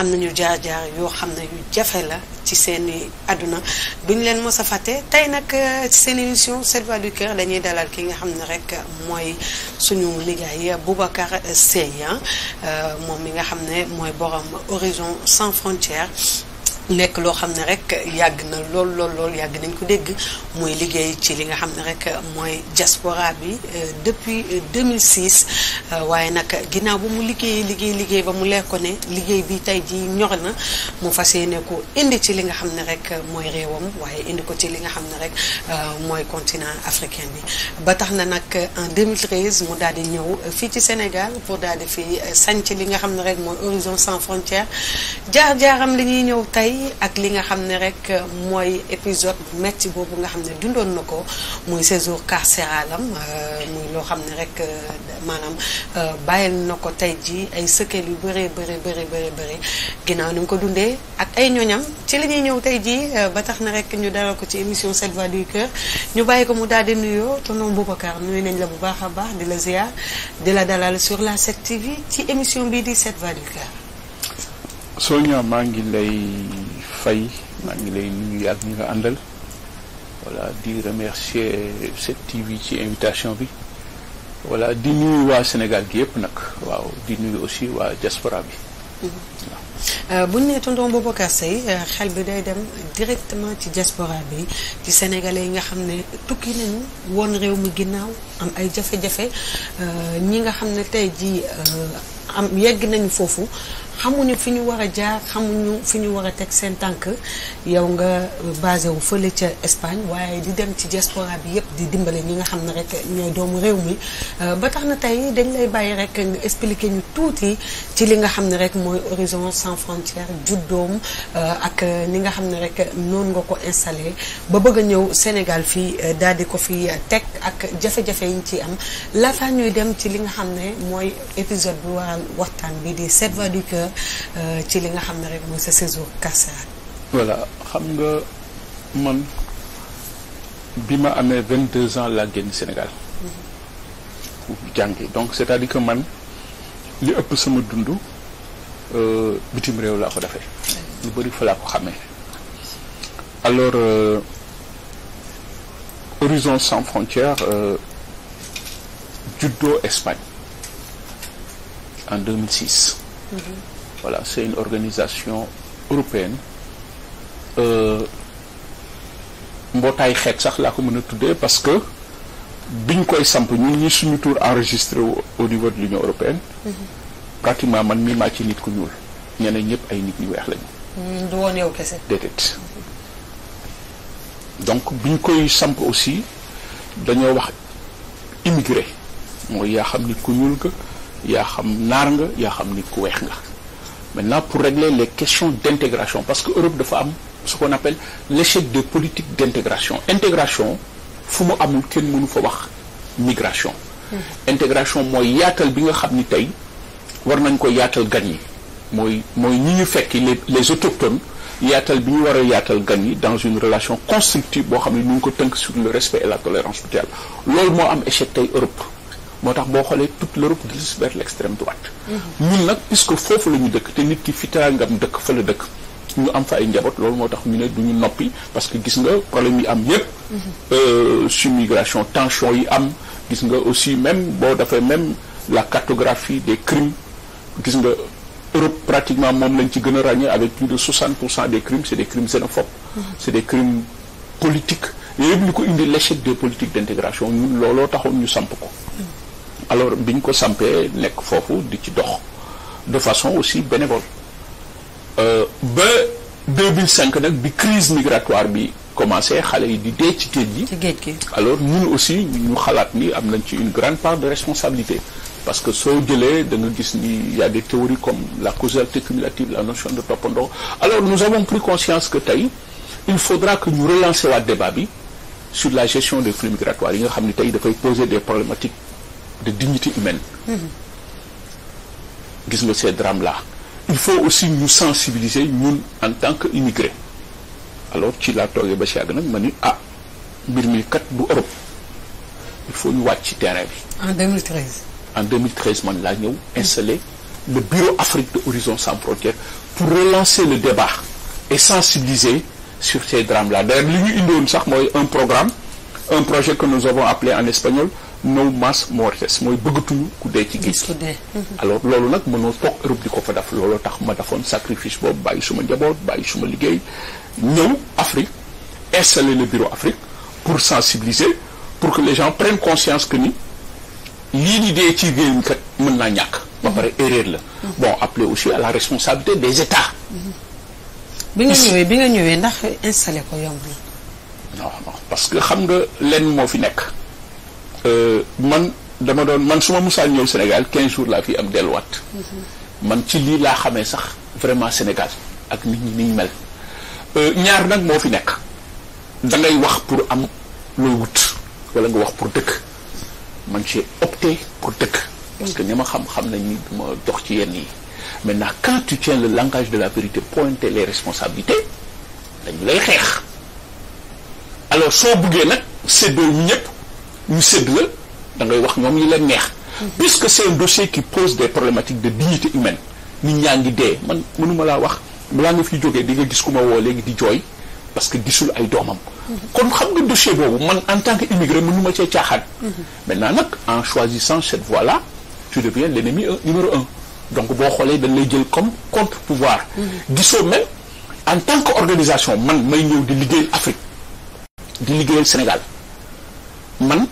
am nañu jaar-jaar yoo xam ne yu jafe la ci seeni àdduna duñ leen mos a fàtte tey nag euh, ci seen émission du cœur dañuy dalal ki nga xam ne rek mooy suñu liggéey Boubacar Seye euh, moom mi nga xam ne mooy borom Horizon Sans Frontières nekk loo xam ne rek yàgg na lool lool lool yàgg nañ ko dégg mooy liggéey ci li nga xam ne rek mooy diaspora bi euh, depuis 2006 euh, waaye nag ginnaaw ba mu liggéeyee liggéey liggéey ba mu leer ne liggéey bi tey ji ñor na mu fas yéene ko indi ci li nga xam ne rek mooy réewam waaye indi ko ci li nga xam ne rek euh, mooy continent africain bi ba tax na nag en 2013 mu daal di ñëw fii ci Sénégal pour daal di fi sanc li nga xam ne rek mooy Horizon Sans Frontières jaar jaaram li ñuy ñëw tey tey ak li nga xam ne rek mooy épisode métti boobu nga xam ne dundoon na ko muy séjour carcéral am euh, muy loo xam ne rek euh, maanaam euh, bàyyil na ko tey ji ay sëkkël yu bëree bëree bëri bëri bëri ginnaaw ni mu ko dundee ak ay ñoñam ci la ñuy ñëw tey ji ba tax na rek ñu dalal ko ci émission 7 voix du cœur ñu bàyyi ko mu daal di nuyoo tonton Boubacar nuyu nañ la bu baax a baax di la ziar di la dalal sur la 7 TV ci émission bii di 7 va du cœur Sonia maa ngi lay fay maa ngi lay nuyu ak ñi nga àndal voilà di remercier 7TV ci invitation bi voilà di nuyu waa Sénégal gi yëpp nag waaw di nuyu aussi waa diaspora bi. Mmh. Euh, buñ ñu nee tonton Boubacar Seye euh, xel bi day dem directement ci diaspora bi ci sénégalais yi nga xam ne tukki nañu woon réew mi ginnaaw am ay jafe-jafe euh, ñi nga xam ne tey jii am yegg nañu foofu. xamuñu fi ñu war a jaar xamuñu fi ñu war a teg seen tànk yow nga basé wu fële ca Espagne waaye di dem ci diaspora bi yëpp di dimbale ñi nga xam ne rek ñooy doomu réew mi euh, ba tax na tey dañ lay bàyyi rek nga expliquer ñu tuuti ci li nga xam ne rek mooy Horizon sans frontières juddoom euh, ak ni nga xam ne rek noonu nga ko installé ba bëgg a ñëw Sénégal fii euh, daal di ko fi teg ak jafe-jafe yi ñu ciy am laataa ñuy dem ci li nga xam ne mooy épisode bi waral waxtaan bi di sept voix la euh, ci li nga xam ne rek mooy sa séjour carcéral voilà xam nga man bi ma amee vingt deux ans laa génn Sénégal pour jàngi donc cest à di que man li ëpp sama dund euh, bitim réew laa ko defee lu bari fa laa ko xamee alors euh, Horizon sans frontières euh, Espagne en 2006. voilà c'est une organisation européenne euh, mbootaay xeet sax laa ko mën a tuddee parce que biñ koy samp ñun ñi suñu tour enregistré au niveau de l'Union européenne mhm. pratiquement man mii maa ci nit ku ñuul ñeneen ñëpp ay nit ñu weex lañ mm, du woon yow kese. déedéet donc biñ koy samp aussi dañoo wax immigré mooy yaa xam nit ku ñuul nga yaa xam naar nga yaa xam nit ku weex nga. maintenant pour régler les questions d'intégration parce que Europe dafa am ce qu'on appelle l'échec des politiques d'intégration intégration fu mu amul kenn mënu fa wax migration mm-hmm. intégration mooy yaatal bi nga xam ni tey war nañ ko yaatal gan ñi mooy mooy ñi ñu fekki les les autochtones yaatal bi ñu war a yaatal gan yi dans une relation constructive boo xam ne ñu ngi ko tënk su le respect et la tolérance mutuelle loolu moo am échec tey Europe moo tax boo xoolee toute l'Europe gis vers l'extrême droite ñun nag puisque foofu la ñu dëkk te nit ki fi ngam dëkk fa la dëkk ñu am fa ay njaboot loolu moo tax ñu ne duñu noppi parce que gis nga problème yi am yëpp euh, su migration tension yi am gis nga aussi même boo defee même la cartographie des crimes gis nga Europe pratiquement moom lañ ci gën a ràññee avec plus de 60 pour cent des crimes c'est des crimes xénophobes c'est des crimes politiques yooyu ñu ko indi l'échec des politiques d'intégration ñun looloo taxoon ñu samp ko alors bi ñu ko sampee nekk foofu di ci dox de façon aussi bénévole euh, ba 2005 nag bi crise migratoire bi commencé xale yi di dee ci géej gi. ci géej gi alors aussi ñu xalaat ni am nañ ci une grande part de responsabilité. parce que soo jëlee danga gis ni y a des théories comme la causalité cumulative la notion de toppandoo alors nous avons pris conscience que tey il faudra que ñu relancer waat débat bi sur la gestion des flux migratoires yi nga xam ni tey dafay poser des problématiques. de dignité humaine gis nga ces drames là il faut aussi ñu sensibiliser ñun en tant que immigré alors ci laa toogee ba si yàgg nag ma ni ah mbir mi kat du Europe il faut ñu wàcc ci terrain bi. en 2013. en man laa ñëw installer le bureau Afrique de Horizon Sans Frontières pour relancer le débat et sensibiliser sur ces drames là d'ailleurs li ñu indoon sax mooy un programme un projet que nous avons appelé en espagnol no mass mortes mooy bëggatuñu ku dee ci gis mhm. alors loolu nag mënoo toog Europe di ko fa def looloo tax ma defoon sacrifice boobu bàyyi suma njaboot bàyyi suma liggéey ñëw Afrique installer le bureau Afrique pour sensibiliser pour que les gens prennent conscience que ni lii di dee ci réew mi mën naa ñàkk ba pare mhm. erreur la mhm. bon appeler aussi à la responsabilité des États bi nga ñëwee bi nga ñëwee ndax installer ko yomb na non parce que xam nga lenn moo fi nekk Euh, man dama doon man su ma musaan ñëw Sénégal quinze jours laa fi am delluwaat. Mhm. man ci lii laa xamee sax vraiment Sénégal ak nit ñi niñ mel. Euh, ñaar nag moo fi nekk da ngay wax pour am looy wut wala nga wax pour dëkk man ci opté pour dëkk. parce que mhm. ñi ma xam xam nañ ni duma dox ci yenn yi. mais quand tu tiens le langage de la vérité pointer les responsabilité dañu lay xeex alors soo buggee nag séddoo ñu ñëpp. ñu sédd la da ngay wax ñoom ñi leen neex. puisque c'est un dossier qui pose des problématiques de dignité humaine nit ñaa ngi dee man mënuma laa wax balaa nga fi jógee di nga gis ku ma woo léegi di jooy parce que gisul ay doomam. kon xam nga dossier boobu man en tant que immigré mënuma cee caaxaan. naa nag en choisissant cette voie là tu deviens l'ennemi numéro un donc boo xoolee dañ lay jël comme contre pouvoir. gisoo même en tant que organisation man may ñëw di liggéeyal Afrique di liggéeyal Sénégal man.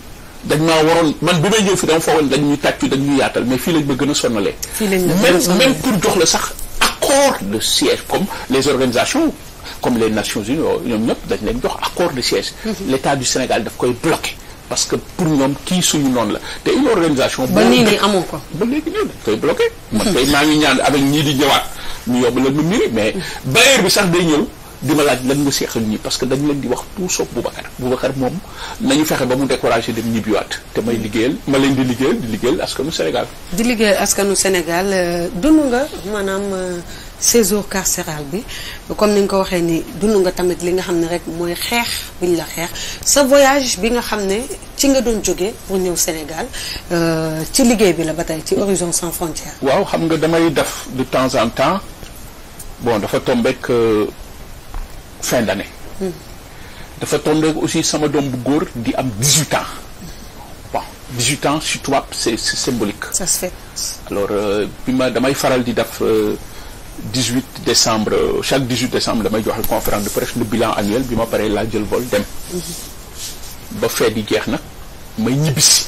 dañ maa waroon man bi may ñëw fi dama foogoon dañ ñuy tàccu dañ ñuy yaatal mais fii lañ ma gën a sonalee. même même pour jox la sax accord de siège comme les organisations comme les Nations oh, ñoom ñëpp dañ leen jox accord de siège. Mhm. l' état du Sénégal daf koy bloqué. parce que pour ñoom kii suñu noonu la te une organisation. ba nii nii amoo ko ba léegi nii dañ koy bloqué. man tey maa ngi ñaan avec ñii di ñëwaat ñu yóbbu la ñu mbiri mais mhm. bailleur bi sax day ñëw. di ma laaj lan nga seex ñi parce que dañ leen di wax tout sauf Boubacar Boubacar moom nañu fexe ba mu découragé dem ñibbiwaat te may liggéeyal ma leen di liggéeyal di liggéeyal askanu Sénégal. di liggéeyal askanu Sénégal euh, dund nga maanaam euh, séjour carcéral bi comme ni nga ko waxee nii dund nga tamit li nga xam ne rek mooy xeex biñ la xeex sa voyage bi nga xam ne ci nga doon jógee pour ñëw Sénégal euh, ci liggéey bi la ba tey ci Horizon Sans Frontières. waaw xam nga damay def de temps en temps bon dafa tombé que fin d'année dafa tombe aussi sama doom bu góor di am 18 ans bon 18 ans si tubaab symbolique ça alors euh, bi ma damay faral di def 18 euh, décembre chaque 18 décembre damay joxe conférence de presse le bilan annuel bi ma paree laa jël vol dem mm-hmm. ba feet jeex nag may ñibbisi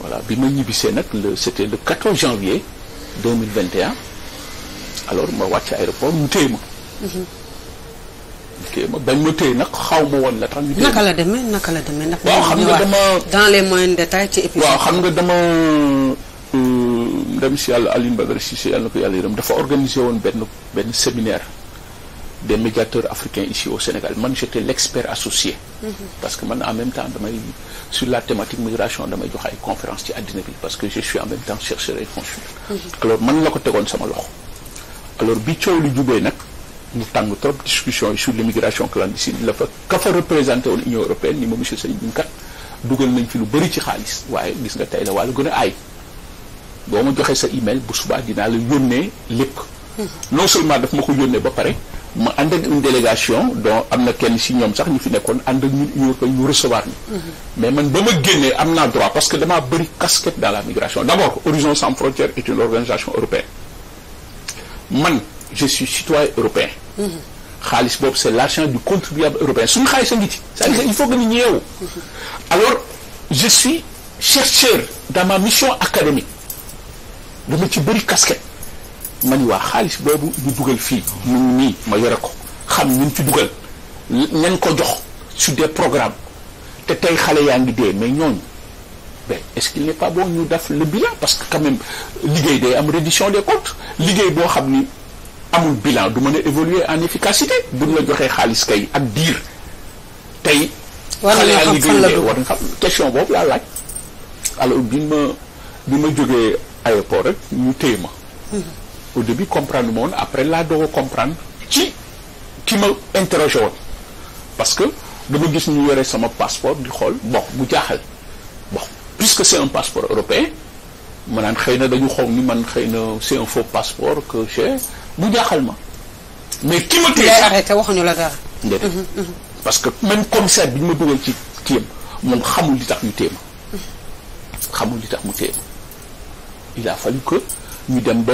voilà bi ma ñibbisee nag le c'était le 14 janvier 2021 alors ma wàcc aéroport ñu téye ma mm-hmm. kii ma bañ ma téye nag xaw ma woon la tax ñu. naka la demee naka la demee ndax. waaw xam nga dama dans les moyens détails ci épisode. waaw xam nga dama ndem euh, si yàlla Alioune Badara Cissé yàlla na ko yàlla yërëm dafa organiser woon benn benn séminaire de médiateurs africains ici au Sénégal man j'étais l'expert associé. Mhm. parce que man en même temps damay sur la thématique migration damay jox ay conférence ci àddina bi parce que je suis en même mhm. man la ko tegoon sama loxo alors mu tàng trop discussion yi sur l'immigration clandestine la fa ka fa représenté Union européenne ni ma monsieur Seye ñun kat dugal nañ fi lu bëri ci xaalis waaye gis nga tey la wàllu gën a aay boo ma joxee sa email bu subaa dinaa la yónnee lépp. Hmm. non seulement dafa ma ko yónnee ba pare ma ànd ak une délégation dont am na kenn si ñoom sax ñu fi nekkoon ànd ak ñun Union européenne ñu recevoir ni hmm. mais man ba ma génnee am naa droit parce que damaa bëri casquette dans la migration d'abord Horizon sans frontières est une organisation je suis citoyen européen. xaalis boobu c'est l'argent du contribuable européen suñu xaalis a ngi ci c'est-à-dire il faut que nit ñi yeewu alors je suis chercheur dans mission académique dama ci bëri casquette ma ni waa xaalis boobu ñu dugal fii mu ngi nii ma yore ko xam ñun fi dugal ñan ko jox sur des programmes te tey xale yaa ngi dee mais ñooñu mais est-ce qu'il n'est pas bon ñu def le bilan parce que quand même liggéey day am reddition des comptes liggéey boo xam ni amul bilan du mën a évoluer en efficacité buñ la joxee xaalis kay ak diir tey. war nañoo xam fan xam question boobu laa laaj. alors bi ma bi ma jógee aéroport rek ñu téye ma. Mm-hmm. au début comprendre ma woon après laa doog comprendre ci ki ma interrogé woon parce que dama gis ñu yore sama passeport di xool bon bu jaaxal bon puisque c'est un passeport européen ma naan xëy na dañu xoog ni man xëy na c'est un faux passeport que j'ai bu jaaxal ma mais ki ma téye arrêté mm-hmm, mm-hmm. parce que même commissaire bi ñu ma dugal ci téyem moom xamul di tax ñu téye ma xamul li tax mu téye ma il a que ñu dem ba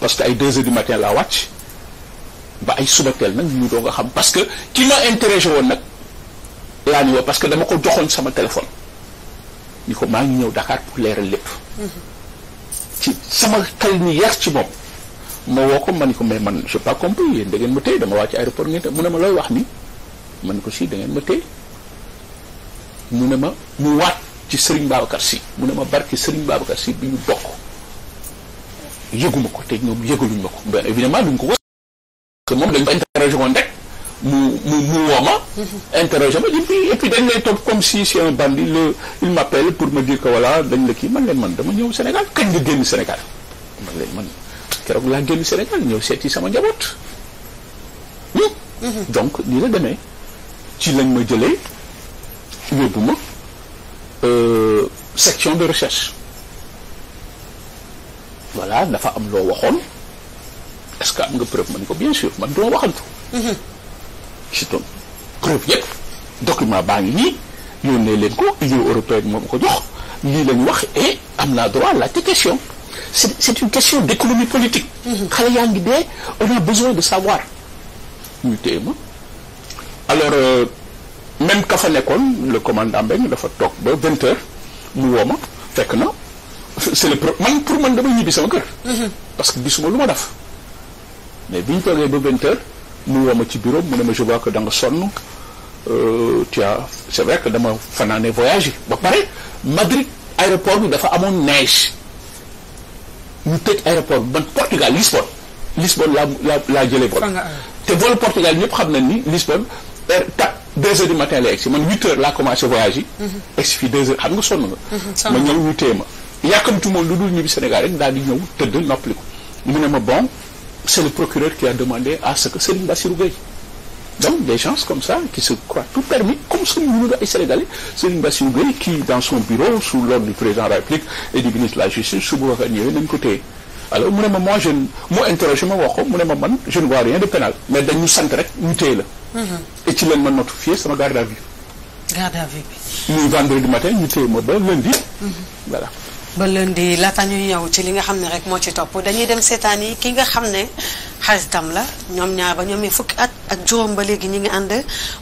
parce que ay deux heures du matin laa wàcc ba ay subateel nag ñu doo nga xam parce que ki ma intéressé woon nag laa parce que dama ko joxoon sama téléphone ni ko maa ngi ñëw Dakar pour leeral lépp mm-hmm. ci sama xel ni yar ci moom ma woo ko man ni ko ma man j'ai pas compris yéen da ngeen ma téye dama wàcc aéroport ngeen te mu ne ma looy wax ni ma ko si da ma téye mu ne ma mu waat ci Serigne Babacar si mu ne ma barke Serigne Babacar si bi ñu bokk yëguma ko te ñoom yëgaluñ ma ko duñ ko wax que moom dañ ko interrogé woon rek mu mu mu ma interrogé ma et puis dañ lay topp comme si c'est un bandit le il m'appelle pour me dire que voilà dañ la kii man leen man dama ñëw Sénégal kañ nga génn Sénégal man leen man keroog laa génn Sénégal ñëw seet ci sama njaboot oui. Mhm. donc ni la demee ci lañ ma jëlee yóbbu ma euh, section de recherche voilà dafa am loo waxoon est-ce que am nga preuve man ko bien sûr man doo waxantu surtout mhm. preuve yëpp document baa ngi nii ne leen ko Union européenne moom ko jox lii lañ wax et am naa droit laajte question c'est c'est une question d'économie politique. xale mm-hmm. yaa ngi dee on a besoin de savoir. muy téye ma alors euh, même ka fa nekkoon le commandant Mbengue dafa toog ba vingt heures mu woo ma fekk na c'est le pro man pour man damay ñibbi sama kër. Mm-hmm. parce que bisuma lu ma def. mais bi ñu toogee ba vingt heures mu woo ma ci bureau mu ne ma je vois que da nga sonn euh, tu as c'est vrai que dama fanaane voyage ba pare Madrid aéroport bi dafa amoon neige. ñu tëj aéroport ban Portugal Lisbonne Lisbonne laa la laa jëlee vol te vol Portugal ñëpp xam nañ ni Lisbonne heure tap deux heures du matin la egg man huit heures laa commencé voyage yi mhm. egg si fii deux heures xam nga sonn nga mhm, ma ñëw ñu téye ma yàkkamtu moom lu dul ñibbi Sénégal rek daal di ñëw tëdd noppaliku mu ne ma bon c'est le procureur qui a demandé à ce que Serigne Bassirou Donc des gens comme ça qui se croient tout permis, comme ce nous et Sénégalais, c'est une Bassirou Gueye qui, dans son bureau, sous l'ordre du président de et du ministre la Justice, su boobaa ñëwee nañ ko téye alors mu ne ma moi je mu interrogé ma wax ko mu ne ma man je ne vois rien de pénal mais dañ ñu sant rek ñu téye la. Mm-hmm. et ci leen ma notifié sama garde à vue. garde à vue bi. muy vendredi matin ñu téye ma ba lundi. Mm-hmm. voilà. xaritam la ñoom ñaar ba ñoom fukki at ak juróom ba léegi ñi ngi ànd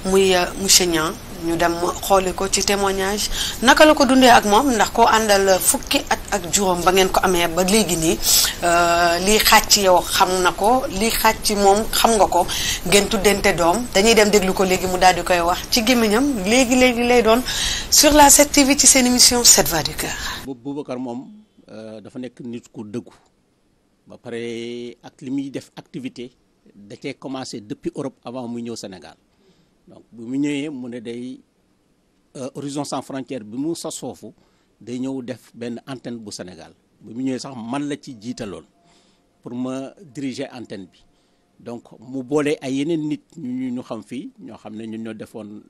muy euh, monsieur Niang ñu dem xooli ko ci témoignage naka la ko dundee ak moom ndax ko àndal fukki at ak juróom ba ngeen ko amee ba léegi nii euh, lii xaaj ci yow xam na ko lii xaaj ci moom xam nga ko ngeen tuddante doom dañuy dem déglu ko léegi mu daal di koy wax ci gémmiñam léegi léegi lay doon sur la 7 TV ci seen émission 7 voix du cœur. Boubacar euh, dafa nekk nit ku dëggu. ba pare ak li muy def activité da cee commencé depuis Europe avant muy ñëw Sénégal donc bi mu ñëwee mu ne day euh, Horizon sans frontières bi mu sos foofu day ñëw def benn antenne bu Sénégal bu mu ñëwee sax man la ci jiitaloon pour ma diriger antenne bi donc mu boole ay yeneen nit ñu ñu xam fii ñoo xam ne ñun ñoo defoon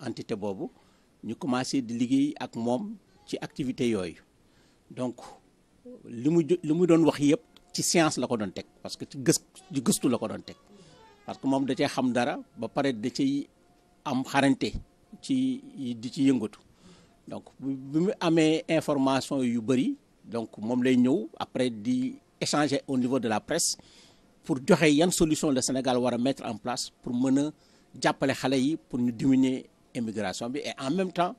antité euh, boobu ñu commencé di liggéey ak moom ci activité yooyu li mu li mu doon wax yëpp ci science la ko doon teg parce que gës ci gëstu la ko doon teg parce que moom da cee xam dara ba pare da cay am xarañte ci di ci yëngatu donc bi mu amee information yu bëri donc moom lay ñëw après di échanger au niveau de la presse pour joxe yan solution le Sénégal war a mettre en place pour mën a jàppale xale yi pour ñu diminuer immigration bi et en même temps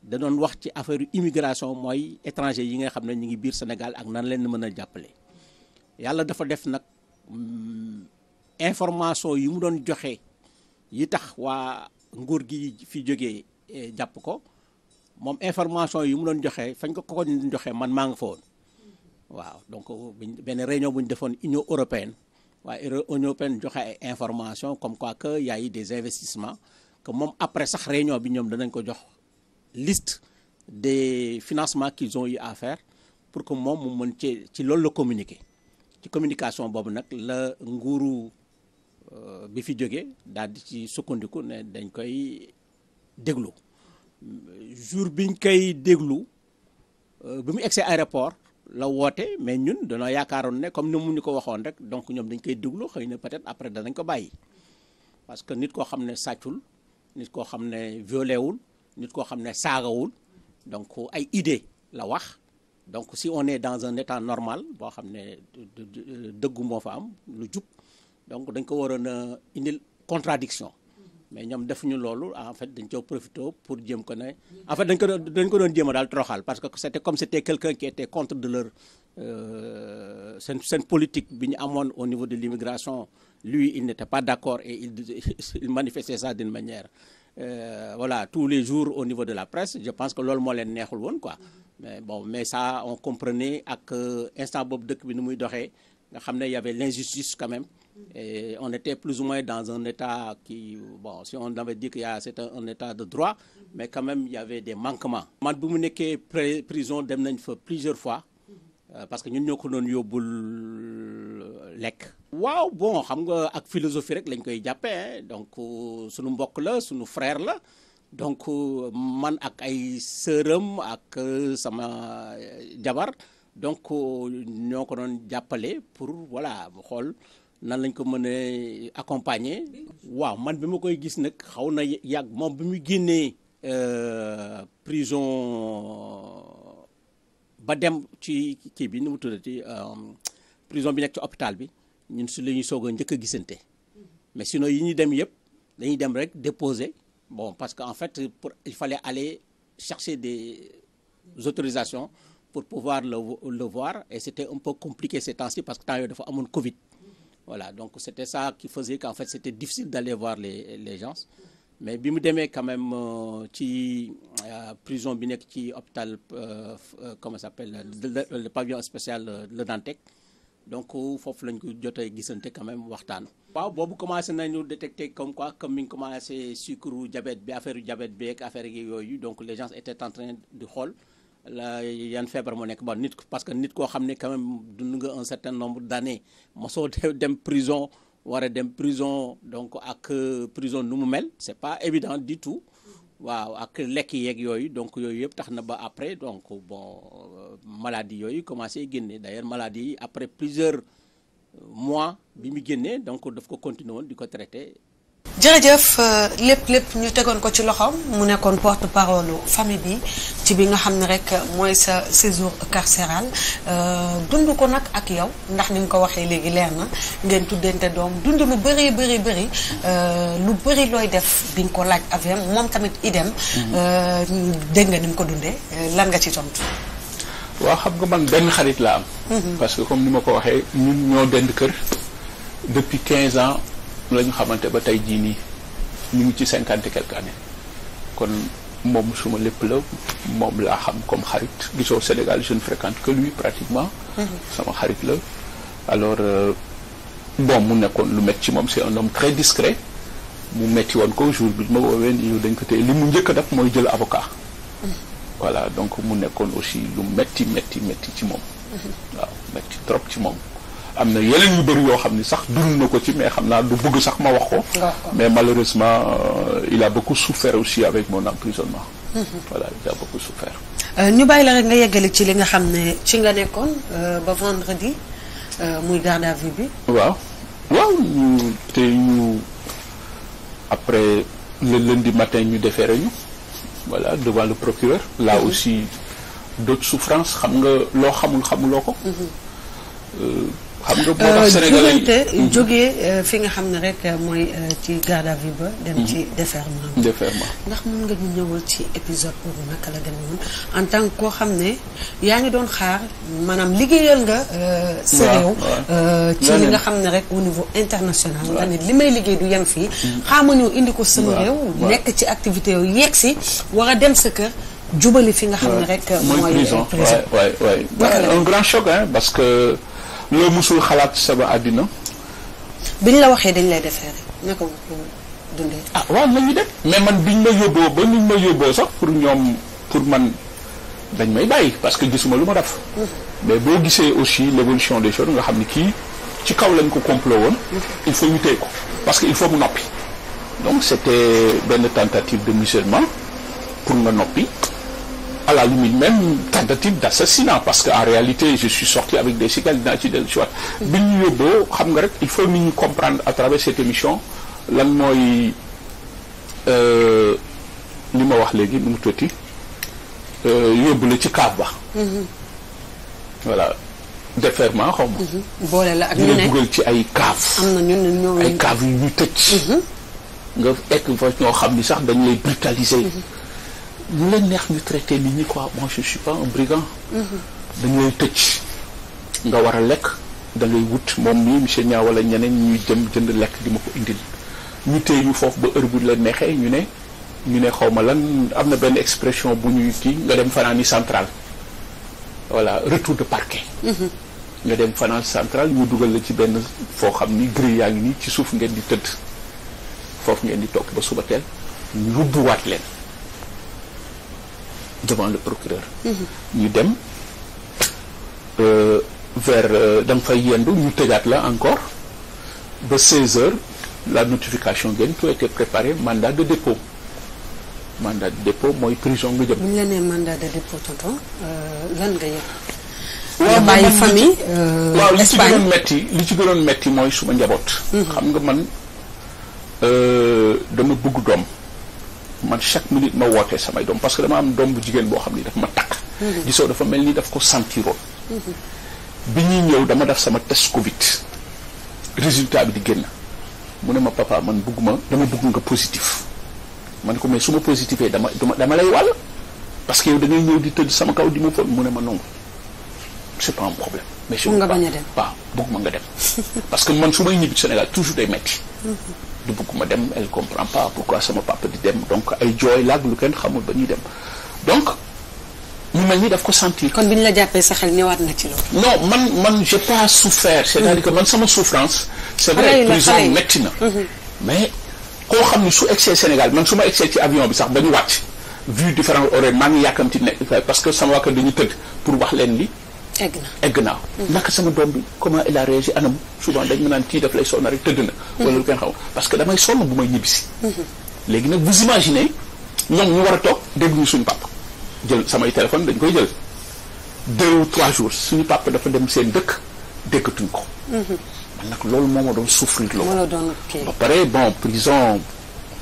danoon wax ci affaire immigration mooy étranger yi nga xam ne ñu ngi biir Sénégal ak nan leen mën a jàppale yàlla dafa def nag mm, information yi mu doon joxe yi tax waa nguur gi fi jógee eh, jàpp ko moom information yi mu doon joxe fañ ko ko doon joxe man maa nga fa woon waaw donc benn réunion bu ñu defoon Union européenne waaye Union européenne joxe ay information comme quoi que y des investissements que moom après sax réunion bi ñoom danañ ko jox. liste des financement qu'ils ont eu pour que moom mu mën ci ci loolu la communiquer ci communication boobu nag la nguuru euh, bi fi jógee daal di ci sukkandiku ne dañ koy déglu jour biñ koy déglu euh, bi mu egsee aéroport la woote mais ñun danoo yaakaaroon ne comme ni mu ñu ko waxoon rek donc ñoom dañ koy déglu xëy na peut-être après danañ ko bàyyi parce que nit koo xam ne sàccul nit koo xam ne violé wul nit koo xam ne saagawul donc ay idée la wax donc si on est dans un état normal boo xam ne dëggu moo fa am lu jub donc dañ ko waroon a indil contradiction mais ñoom defuñu loolu ah, en fait dañ coo profité pour jéem ko ne en fait dañ ko doon dañ ko doon jéem a troxal parce que c'était comme c'était quelqu'un qui était contre de leur euh, seen seen politique bi ñu amoon au niveau de l'immigration luy il n'était pas d'accord et il il manifestait ça manière Euh, voilà tous les jours au niveau de la presse je pense que loolu moo leen neexul woon quoi mais bon mais ça on comprenait ak euh, instant boobu dëkk bi nu muy doxee nga xam ne y avait l'injustice quand même et on était plus ou moins dans un état qui si on avait dit que y' un état de droit mais quand même il y des manquements man bu mu nekkee prison dem nañ fa plusieurs fois Euh, parce que ñun ñoo ko doon yóbbul euh, lekk. waaw bon xam nga ak philosophie rek lañ koy jàppee donc euh, sunu mbokk la suñu frère la donc man ak ay sëram ak sama jabar donc ñoo ko doon jàppale pour voilà mu xool nan lañ ko mën a accompagner. waaw man bi ma koy gis nag xaw na yàgg moom bi mu génnee prison. ba dem ci kii bi nu mu tuddati euh, prison bi nekk ci hôpital bi ñun si la ñuy soog a njëkk a gisante mais sinon yi ñuy dem yëpp dañuy dem rek déposer bon parce que en fait pour il fallait aller chercher des autorisations pour pouvoir le le voir et c'était un peu compliqué ces temps-ci parce que temps dafa amoon Covid voilà donc c'était ça qui faisait qu'en fait c'était difficile d'aller voir les les mais bi mu demee quand même euh, ci euh, prison bi nekk ci hôpital euh, comment ça s'appelle le pavillon spécial Le Dantec donc foofu lañ ko jotee gisante quand waxtaan. waaw boobu commencé nañu détecter comme quoi comme mi ngi commencé sucre diabète bi affaire diabète bi ak affaire yooyu donc les gens étaient en train de xool la yan feebar moo nekk bon nit ko parce que nit koo xam ne quand même dund nga un certain nombre d'années soo dem prison. war a dem prison donc ak euh, prison nu mu mel c'est pas évident du tout waaw ak lekk yeeg yooyu donc yooyu yëpp tax na ba après donc bon euh, maladie yooyu commencé génne d'ailleurs maladie yi après plusieurs mois bi mu génnee donc daf ko continuer di ko traité jërëjëf euh, lépp lépp ñu tegoon ko ci loxoom mu nekkoon porte parole famille bi ci bi nga xam ne rek mooy sa séjour carcéral euh, dund ko nag ak yow ndax ni nga ko waxee léegi leer na ngeen tuddante doom dund lu bëri bëri bëri euh, lu bëri looy def biñ ko laaj aviam moom tamit idem mhm. dégg nga ni mu ko dundee lan nga ci tontu. waaw xam nga man benn xarit la am. Mhm. parce que comme ni ma ko waxee ñun ñoo dend kër depuis ans. la ñu xamante ba tey jii nii ñu ngi ci cinquante et quelques kon moom suma lépp la moom laa xam comme xarit gisoo Sénégal jeune ne fréquente que lui pratiquement mm-hmm. sama xarit la alors euh, bon mu nekkoon lu métti ci moom c'est un homme très discret mu métti woon ko jour bi ma woowee nii dañ ko téye li mu njëkk a mooy jël avocat mm-hmm. voilà donc mu nekkoon aussi lu métti métti métti ci moom mm-hmm. waaw métti trop ci moom am na yeneen yu bëri yoo xam ni sax dund na ko ci mais xam naa du bëgg sax ma wax ko mais malheureusement euh, il a beaucoup souffert aussi avec mon emprisonnement mhm. voilà il euh, ñu bàyyi la rek yeggale ci li nga xam ne ci nga nekkoon euh, ba vendredi muy garde à bi waaw waaw ñu te ñu après le lundi matin ñu defee ñu voilà devant le procureur là mm -hmm. aussi d'autres souffrances xam nga loo xamul xamuloo ko mhm. xam nga boo tax euh, Sénégalais yi mhm. euh, fi nga xam ne rek euh, mooy ci garde à vue ba. dem mhm. ci déferment. déferment ndax mën nga ñu ñëwal ci épisode boobu naka la demee woon en tant que koo xam ne yaa ngi doon xaar maanaam liggéeyal nga. sa réew ci li nga xam ne rek au niveau international. nga ne li may liggéey du yem fii. Mhm. xaama ñëw indi ko sama réew. nekk ci activité yu yegg si war a dem sa kër. jubali fi nga xam ne rek. mooy prison waaw waaw waaw un grand choc parce que. loo musul xalaat ci sama àddina. biñ la waxee dañ lay defee rek naka nga ko dundee. ah waaw nañu def mais man biñ ma yóbboo ba niñ ma yóbboo sax pour ñoom pour man dañ may bàyyi parce que gisuma lu ma def. Mm-hmm. mais boo gisee aussi l'évolution des choses nga xam ni kii ci kaw lañ ko complot woon. Mm-hmm. il faut ñu téye ko parce que il faut mu noppi. donc c'était benn tentative de musulman pour nga noppi. à la limite même tentative d'assassinat parce que en réalité je suis sorti avec des séquelles dinaa ci dellu siwaat bi ñu yóbboo xam nga rek il faut nit ñu comprendre à travers cette émission lan mooy euh, li ma wax léegi nu mu tuuti euh, yóbbu la ci kaab ba mhm. voilà déferment xaw ma. Mhm. la ak ñu ne dugal ci ay kaaf. am na ñun ñoo ay kaaf yu ñu tëj. Mhm. nga ekk fa ñoo xam ni sax dañu lay brutaliser. ñu leen neex ñu traité nit ñi quoi moi je suis pas un brigand. dañu lay tëj nga war a lekk da wut moom mii monsieur Niang wala ñeneen ñu jëm jënd lekk di ma ko indil ñu téye ñu foofu ba heure bu la neexee ñu ne ñu ne xaw ma lan am na benn expression bu ñuy kii nga dem fanaani centrale voilà retour de parquet. nga dem fanaan central ñu dugal la ci benn foo xam ni grille yaa ngi nii ci suuf ngeen di tëdd foofu ngeen di toog ba suba teel ñu yóbbuwaat leen. devant le procureur ñu dem euh, vers euh, da nga fay yendu ñu tëjaat la encore ba 16 heures la notification génn tout était préparé mandat de dépôt mandat de dépôt mooy prison nga jëm. bu ñu la nee mandat de dépôt tonton euh, lan nga yëg. waaw bàyyi famille. waaw li ci gënoon metti li ci gënoon metti mooy suma njaboot. Mhm. xam nga man dama bugg doom. man chaque minute ma wootee samay doom parce que dama am doom bu jigéen boo xam ni daf ma takk mhm. gisoo dafa mel ni daf ko sentiroon mhm. bi ñuy ñëw dama def sama test covid résultat bi di génn mu ne ma papa man bëgg ma dama bëgg nga positif ma ne ko mais su ma positifee dama dama lay wàll parce que yow da ñëw di tëdd sama kaw di ma fon mu ne ma nangu c'est pas un problème mais su nga bañ a dem waaw bëgg ma nga dem parce que man su may ñibbi Sénégal toujours day metti mhm. du ma dem elle comprend pas pourquoi sama papa di dem donc ay jooy laag lu kenn xamul ba ñuy dem donc mu mel ni daf ko sentir. kon bi ñu la jàppee sax xel ñëwaat na ci loolu. non man man j'ai pas souffert. cest à man sama souffrance. c'est vrai prison metti na. Mhm. mais koo xam ne su egsee Sénégal man su ma egsee ci avion bi sax ba ñu wàcc vu différents horaires maa ngi yàkkamti nekk parce que sama waa dañu tëdd pour wax leen li. egg na naa naka sama doom bi comment il a réagi anam souvent dañ ma naan tii daf lay sonn rek tëdd na wala lu kenn xam parce que damay sonn bu may ñibbisi léegi nag vous imaginez ñoom ñu war a toog dégguñu suñu papa jël samay téléphone dañ koy jël deux ou trois jours suñu papa dafa dem seen dëkk déggatuñ ko man nag loolu moom ma doon souffrir loolu ba pare bon prison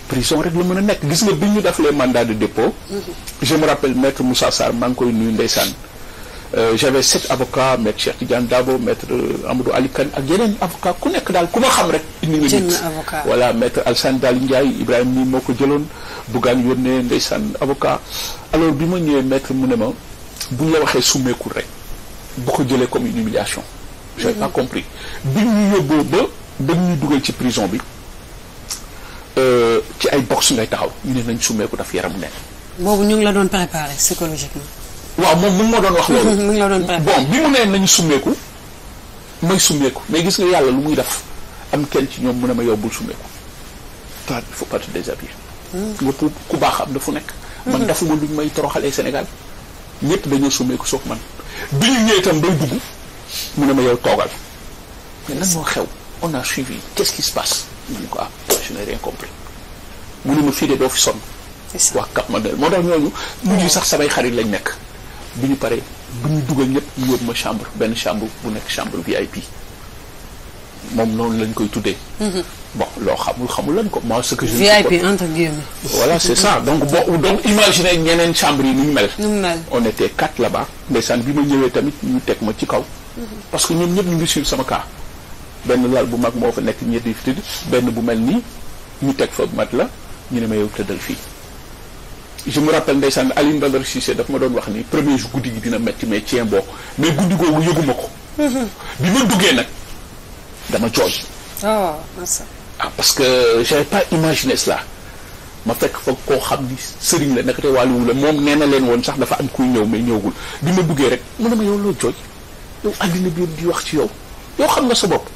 prison rek la mën a nekk gis nga bi ñu def les mandats de dépôt je me rappelle maître Moussa Sarr maa ngi Euh, j'avais sept avocats maître Cheikh Tidiane Dabo maître euh, Amadou Ali Kane ak yeneen avocat ku nekk daal ku ma xam rek indi nga nit voilà maître Alsane Dali Ndiaye Ibrahima nii moo ko jëloon buggaan yónnee ndeysaan avocat alors bi ma ñëwee maître mu ne ma bu la waxee summeekul rek bu ko jëlee comme une humiliation j'ai pas mm-hmm. compris bi ñu yóbboo ba dañ ñuy dugal ci prison bi euh, ci ay box ngay taxaw ñu ne nañ summeeku daf yaram nekk boobu ñu waaw moom mu ngi ma doon wax loolu. mu ngi la doon bon bi mu nee nañu summeeku may summeeku mais gis nga yàlla lu muy def am kenn ci ñoom mu ne ma yow bul summeeku toi il faut hmm. ku baax am na fu nekk. Hmm. man dafuma luñ may toroxalee Sénégal ñëpp dañoo summeeku soog man bi ñu ñëwee itam bay dugg mu ne ma yow toogal mais lan xew on a suivi qu'est-ce passe ma ne ko ah je n'ai rien mu ne ma fii de doo fi sonn. waa Cap Manuel moo tax ñooñu mujj sax samay xarit lañ nekk. bu ñu paree bu ñu dugal ñëpp ñu ma chambre benn chambre bu nekk chambre VIP moom noonu lañ koy tuddee. Mhm. bon loo xamul xamul lañ ko moi ce que je. VIP entre guillemets. voilà c'est ça donc boo donc imaginer ñeneen chambre yi ni ñu mel. on était quatre là-bas. ndeysaan bi ma ñëwee tamit ñu teg ma ci kaw. Mhm. parce que ñoom ñëpp ñu ngi suivre sama cas. benn lal bu mag moo fa nekk ñetti fi benn bu mel nii ñu teg fa mat la ñu ne ma yow tëddal fii. je me rappelle ndeysaan Alioune Badara Cissé daf ma doon wax ni premier jour guddi gi dina metti mais tien boo mais guddi googu yëguma ko. bi ma duggee nag dama jooy. Ah, ah parce que j'avais pas imaginé cela ma fekk fa koo xam ni sëriñ la naka te wàlluwu la moom nee na leen woon sax dafa am kuy ñëw mais ñëwgul bi ma duggee rek mu ne ma yow loo jooy yow àddina bi di wax ci yow yow xam nga sa bopp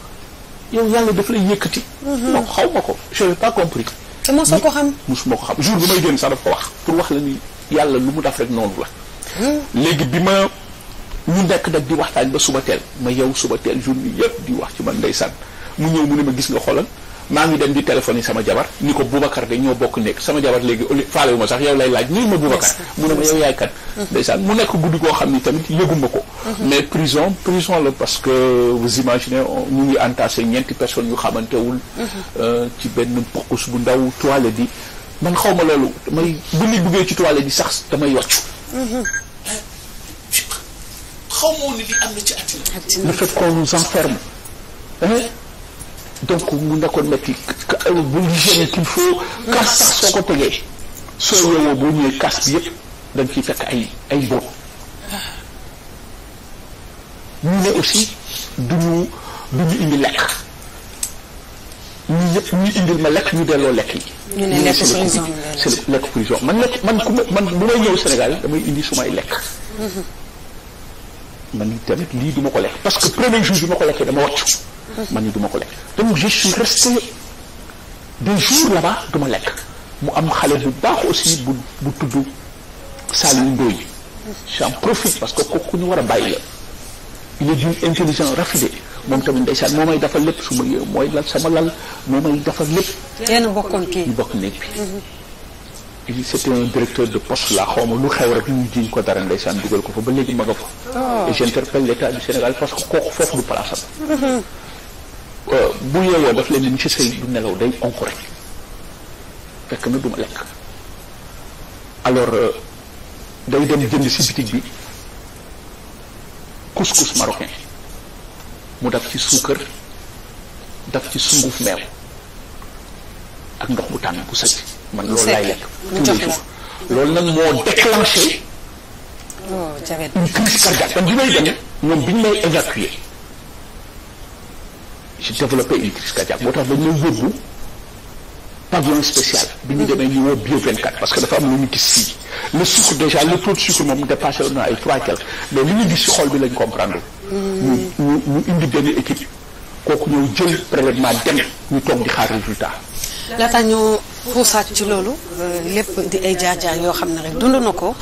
yow yàlla daf lay yëkkati. Mm-hmm. non xaw ma ko j'avais pas compris. te mosoo ko xam mosuma ko xam jour bi may génn sax daf ko wax pour wax la ni yàlla lu mu def rek noonu la léegi bi ma mu nekk nag di waxtaan ba suba teel ma yow suba teel jour bi yëpp di wax ci man ndeysaan mu ñëw mu ne ma gis nga xoolal maa ngi dem di téléphone yi sama jabar ni ko Boubacar de ñoo bokk nekk sama jabar léegi au faale wu ma sax yow lay laaj nuyu ma Boubacar mu ne ma yaay kan mm-hmm. mu nekk guddi koo xam ni tamit yëguma ko mm-hmm. mais prison prison la parce que vous imaginez ñu ngi entassé ñeenti personnes yu xamantewul mm-hmm. euh, ci benn pokkus bu ndaw toilette di man xaw ma loolu damay bu nit buggee ci toilette di sax damay wàccu xaw ma woon ni li am na ci àddina le fait qu'on enferme donc mu nekkoon métti bu hygiène qu'il faut kaas sax soo ko tegee soo yeewoo boo ñëwee kaas bi yëpp dañ ciy fekk ay ay boobu ñu ne aussi duñu duñu indi lekk ñu ñëpp ñu indil ma lekk ñu delloo lekk yi ñu ne lekk lekk prison man lekk man ku ma man bu may ñëw Sénégal damay indi sumay lekk mm-hmm. man tamit lii du ko lekk parce que premier jour bi ma ko lekkee dama wàccu man ni du ma ko lekk donc je suis resté des jours là-bas du ma lekk mu am xale bu baax aussi bu bu tudd Saliou Ndoye am profite parce que kooku ñu war a bàyyi la il est d'une intelligence raffinée moom tamit ndeysaan moo may defal lépp su ma yëw mooy lal sama lal moo may defal lépp yéen bokkoon kii ñu bokk néeg bi mhm. c'était un directeur de poste laa xaw ma lu xew rek ñu jiñ ko dara ndeysaan dugal ko fa ba léegi ma nga fa oh. et j'interpelle l'état du Sénégal parce que kooku foofu Euh, bu yeewoo daf leen ni monsieur Seye du nelaw day onk rek fekk na du lekk alors euh, day dem jënd si bitig bi couscous marocain mu daf ci suukar daf ci sunguf meew ak ndox bu tànn bu sëcc man loolu laay lekk tous les nag moo déclenché oh, une crise cardiaque man bi may dem ñoom bi ñu may évacuer j'ai développé une crise cardiaque tax dañ may yóbbu pavillon spécial bi ñu demee ñu woo bio 24 parce que dafa am lu ñu gis fii le sucre déjà le taux de sucre moom dépassé na ay trois quelque mais li ñu gis si xool bi lañ comprendre hmm. ñu ñu indi benn équipe kooku ñëw jël prélèvement dem ñu toog di xaar résultat laata ñu pour xuusaat ci loolu euh, lépp di ay jaar-jaar yoo xam ne rek dund na ko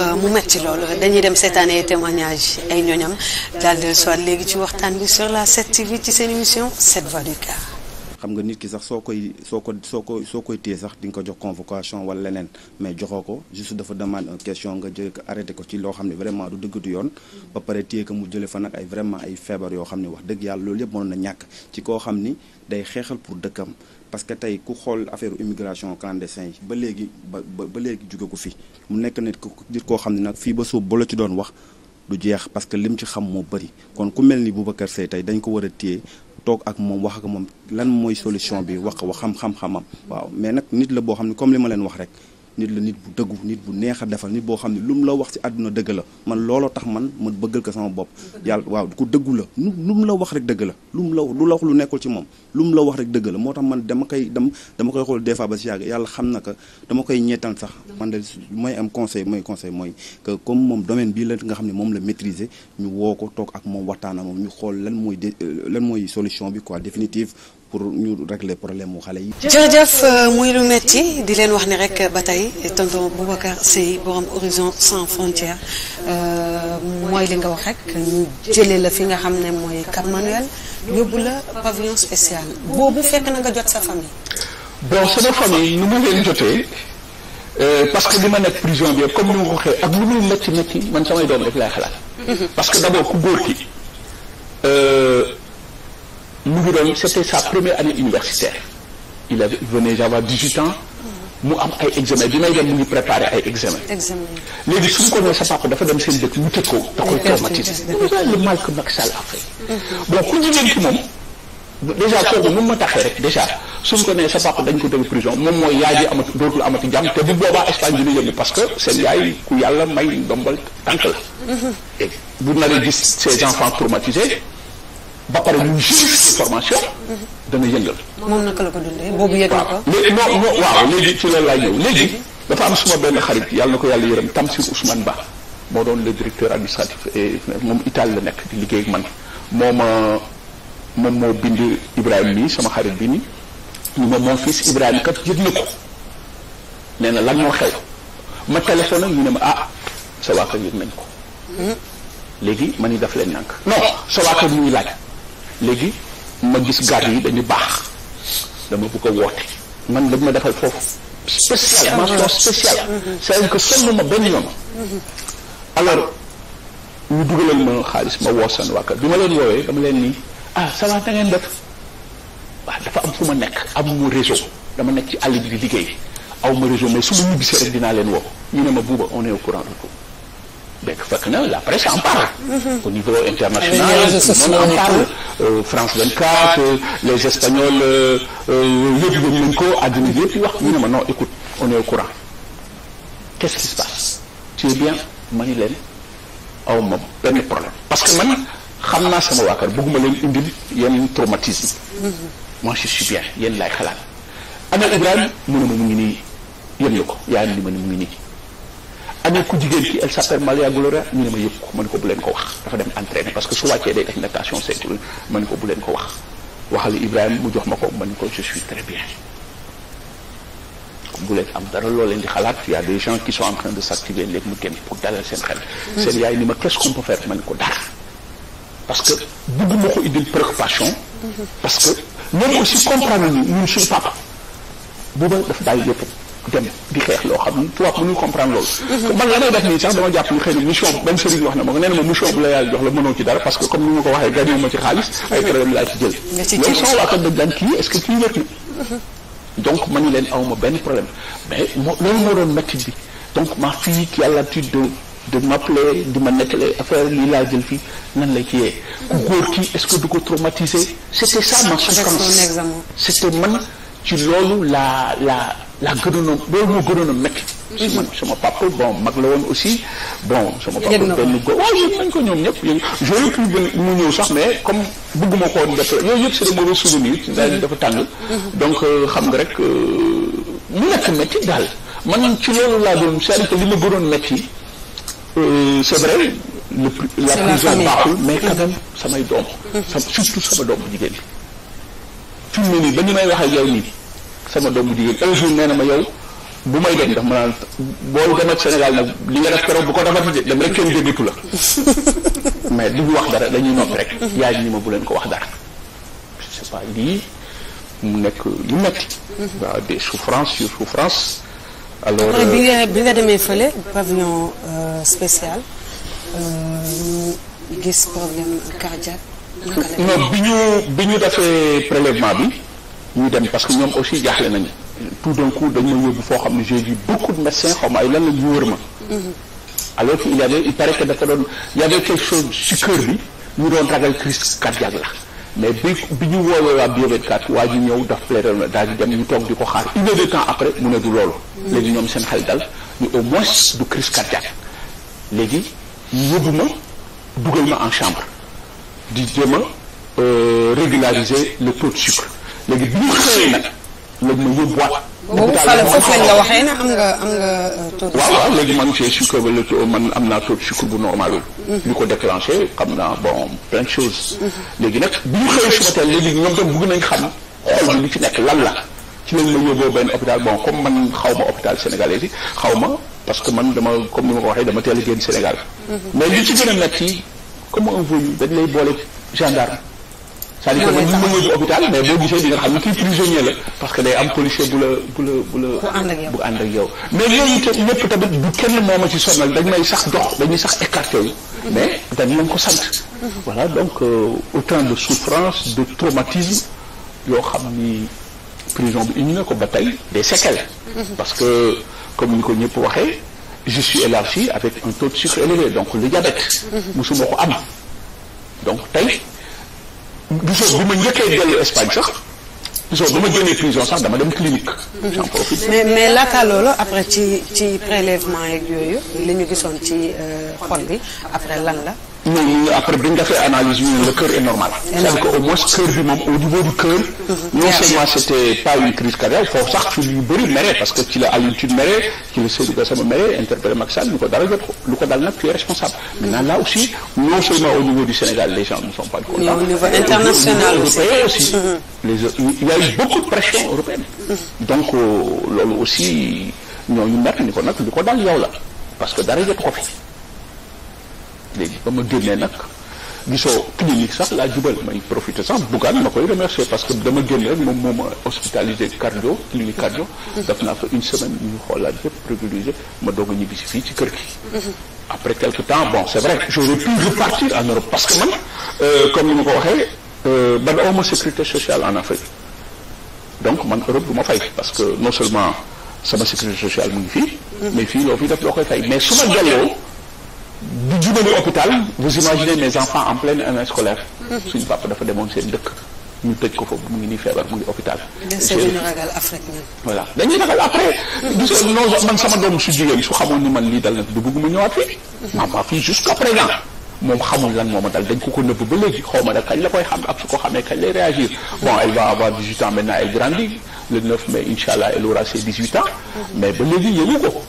euh, mu metti loolu dañuy dem seetaan ay témoignages ay ñoñam daal di soit léegi ci waxtaan bi sur la 7 TV ci seen émission 7 voix xam nga nit ki sax soo koy soo ko soo ko soo koy téye sax di nga ko jox convocation wala leneen mais joxoo ko juste dafa demande une question nga jële ko arrêté ko ci loo xam ne vraiment du dëgg du yoon ba pare mu jëlee fa ay vraiment ay feebar yoo xam ne wax dëgg yàlla loolu yëpp mënoon na ñàkk ci koo xam ni day xeexal pour dëkkam. parce que tey ku xool affaire immigration clandestin yi ba léegi ba ba léegi jóge ko fi mu nekk nit ku nit koo xam ne nag fii ba suuf ba ci doon wax du jeex parce que lim ci xam moo bëri kon ku mel ni Boubacar Seye tey dañ ko war a téye toog ak moom wax ak moom lan mooy solution bi wax ko wax xam-xam-xamam waaw mais nag nit la boo xam ne comme li ma leen wax rek nit la nit bu dëggu nit bu neex a defal nit boo xam ne lu mu la wax ci àdduna dëgg la man looloo tax man ma bëggal ko sama bopp yàlla waaw ku dëggu la lu mu la wax rek dëgg la lu mu la lu la lu nekkul ci moom lu mu la wax rek dëgg la moo tax man dama koy dam dama koy xool des fois ba si yàlla xam na ka dama koy ñettal sax man de mooy am conseil mooy conseil mooy que comme moom domaine bii la nga xam ne moom la maîtriser ñu woo ko toog ak moom waxtaan ak moom ñu xool lan mooy lan mooy solution bi quoi définitive pour ñu régler problème mu xale yi. jërëjëf euh, muy lu metti di leen wax ni rek ba tey tonton Boubacar Seye borom horizon sans frontières euh, mooy li nga wax rek ñu jëlee la fi nga xam ne mooy Cap Manuel yóbbu la pavillon spécial boobu fekk na nga jot sa famille. bon sama famille nu ma leen jotee euh, parce que li ma nekk prison bi comme ni ma ko waxee ak lu muy metti metti man samay doom rek laay xalaat. Mhm. parce que d'abord ku góor ki. mu ngi doon c'était sa première année universitaire il avait venait d'avoir 18 ans mu am ay examen bi may dem mu ngi préparé ay examen léegi su ñu ko nee sa papa dafa dem seen ko da koy traumatisé le mal que Macky Sall moom ma taxee rek déjà suñ ko nee sa papa dañ ko tëj prison moom mooy yaay ji amati dootul amati jàmm te bu boobaa Espagne dina yëngu parce que seen yaay ku yàlla may ndombal tànk la mm-hmm. bu naree gis ses enfants traumatisés ba pare ñu jël formation. dana yëngal. moom na ko. non non waaw léegi ci loolu laay ñëw léegi dafa am suma benn xarit yàlla na ko yàlla yërëm Tamsir Ousmane Ba moo doon le directeur administratif et moom Italie la nekk di liggéey ak man moom moom moo bind Ibrahima nii sama xarit bi nii ñu ma mon fils Ibrahima kat yëg na ko nee na lan moo xew ma téléphone ñu ne ma ah sa waa yëg nañ ko. Hmm? léegi ma ni daf leen nànk non sa waa kër laaj. léegi ma gis gàtt yi dañu baax dama bëgg a woote man dañ ma defal foofu spécial mention spéciale c'est-à-dire que sonn benn yoon alors ñu dugalal ma xaalis ma woo seen wàkkat bi ma leen woowee dama leen nii ah ça va def waaw dafa am fu ma nekk amu réseau dama nekk ci àll bi di liggéey aw ma réseau mais su ma ñibbisee rek dinaa leen woo ñu ne ma buuba on est au courant de tout fekk fekk na la presse en parle. au niveau international tout en parle. France 24 les Espagnols yëpp yëg nañ ko àddina bi yëpp yi wax ñu ne ma non écoute on au courant qu'est-ce qui se passe. tu es bien ma ni leen aw ma benn problème parce que man xam naa sama waa kër bëgguma leen indil yenn traumatisme. moi je suis bien yéen laay xalaat. Anel Ibrahima mu ne ma mu ngi nii yëg na ko yaa ni ni mu ngi nii. amee ku jigéen ki elle s'appelle Maria Gloria ñu ma yëpp ko ma ko bu leen ko wax dafa dem entraîner parce que su wàccee day def natation simple ma ne ko bu leen ko wax waxal Ibrahima mu jox ma ko man ne ko je suis très bien bu leen am dara loo leen di xalaat y a des gens qui sa en train de s'activer léegi mu génn pour dalal seen xel seen yaay ni ma qu'est-ce qu'on peut faire ma ne ko dara parce que bëgguma ko indil préoccupation parce que ñoom aussi comprendre ñu ñun suñu papa booba dafa bàyyi lépp dem di xeex loo xam ni tubaab mënul comprendre loolu mhm. man la may def nii sax dama jàpp ni xëy na mission benn sëriñ wax na ma ko nee na ma mission la yàlla jox la mënoo ci dara parce que comme ni ma ko waxee gagné ma ci xaalis ay problème laa ci jël mhm. a laa jël fii ku mhm. góor ki est du ko traumatiser c'était ça ma souffrance c'était man ci loolu laa laa laa gënoon a loolu moo gënoon a métti. Mhm. sama sama bon mag la woon aussi bon. sama papa benn góor waaw yëpp nañ ko ñoom ñëpp yooyu. j'aurais pu mu ñëw sax mais comme bëgguma ko woon def yooyu yëpp c'est de mauvais souvenirs mhm. daal dafa tàng. Mhm. donc euh, xam nga rek euh, mu nekk métti daal man ci loolu laa doon c'est-à-dire li ma gënoon métti euh, c'est vrai. le la prison baaxul mais quand même samay doom. surtout sama doomu jigéen bi. fi mu ba ñu may wax ak nii sama doomu jigéen un jour nee na ma yow bu may dem ndax ma naan boo demat Sénégal nag li nga def keroog bu ko defati dem rek kenn déggatu la mais du wax dara dañuy noppi rek. yaay ñu ma bu leen ko wax dara. je sais pas mu nekk lu metti mhm. waaw des souffrances sur france alors bi nga euh, bi nga demee fële pavillon euh, spécial ñu euh, gis problème cardiaque. non bi ñu bi ñu defee prélèvement bi ñu dem parce que ñoom aussi jaaxle nañu tout de coup dañ ma yóbbu foo xam ne j'ai vu beaucoup de médecins xaw ay lan la ñu wër ma alors que il y il paraît que dafa doon il y avait quelque chose ci cœur bi ñu doon ragal crise cardiaque la mais bi bi ñu woowee waa Bioved4 waa ji ñëw daf plaidé na daal di dem ñu toog di ko xaar une heure de temps après mu ne du loolu léegi ñoom seen xel dal ñu au moins du crise cardiaque léegi en chambre di jéem a euh, régulariser le taux de sucre léegi bi ñu xëyee nag lañ ma yóbbuwaat. Euh, léegi man c'est sucre ba la man am naa taux de sucre bu normal. bi mm-hmm. ko déclenché xam naa bon plein de mm-hmm. léegi nag bi ñu xëyee suba teel léegi ñoom tam bëgg nañ xam xol bi li ci nekk lal la. ci lañ ma yóbboo benn hôpital bon comme man xaw ma hôpital sénégalais yi xaw ma parce que man dama comme ni ma ko waxee dama teel a génn Sénégal. Mm-hmm. mais li ci gën a metti comme un dañ lay boole gendarme c'est-à-dire que mën nga yóbbu hôpital mais boo gisee di nga xam ne kii prisonnier la parce que day am policier bu la bu la bu la bu ànd ak yow mais yooyu te lépp du kenn moo ma ci sonal dañ may sax dox dañuy sax écarté yu mais dañ lañ ko sant voilà donc euh, autant de souffrance de traumatisme yoo xam ni prison bi indi ko ba tey des parce que comme ni ko ñëpp waxee je suis élargi avec un taux de sucre élevé donc le diabète. musuma ko am. donc tey gisoo bu ma njëkkee dellu Espagne sax gisoo bu ma génnee prison sax dama dem clinique. j'en profite. mais mais laata après ci ci prélèvement yeeg yooyu li ñu gisoon ci euh, xol bi après lan la. ñoom après bi ñu defee analyse ñu ne le cœur est normal. cest à mhm. pas une crise cardiaque foofu ci lu bëri mere parce que ci la Alioune Tine mere ci la Seydou Gassama mere interpellé Macky Sall ñu ko dara jot ko es responsable. maintenant là aussi non seulement au niveau du Sénégal les gens ne pas contents. mais au international aussi aussi. Mhm. les il ni mhm. euh, ko nag lu ko dal yow la parce que dara jot ko fi. léegi ba ma génnee nag gisoo clinique sax laa jubal may profité sax buggaan ma koy remercier parce que dama génn moom moom moo ma hospitalisé cardio clinique cardio def naa fa une semaine ñu xoolaat yëpp privilégié ma doog a ñibbi si fii ci kër gi après quelque temps bon c'est vrai j'aurais pu repartir en Europe parce que man euh, comme ni ko waxee ban euh, awma sécurité sociale en Afrique donc man Europe du ma fay parce que non seulement sama sécurité sociale mu ngi fii fii mais su du jubali hôpital vous imaginez mes enfants en pleine année scolaire suñu papa dafa demoon seen dëkk ñu tëj ko foofu mu ngi nii feebar mu ngi hôpital. dañuy ragal Afrique voilà dañuy après. Mm-hmm. gis nga non man sama doom su jigéen su xamoon ni man lii dal na du bëgg mu ñëwaat fii. maa mm-hmm. ma fii jusqu'à présent. moom xamul lan moo ma dal dañ ko ko nëbb ba léegi xaw ma nag kañ la koy xam ak su ko xamee kañ lay réagir mm-hmm. bon elle va avoir 18 ans maintenant elle grandit le 9 mai incha allah mais ba léegi yëgu ko.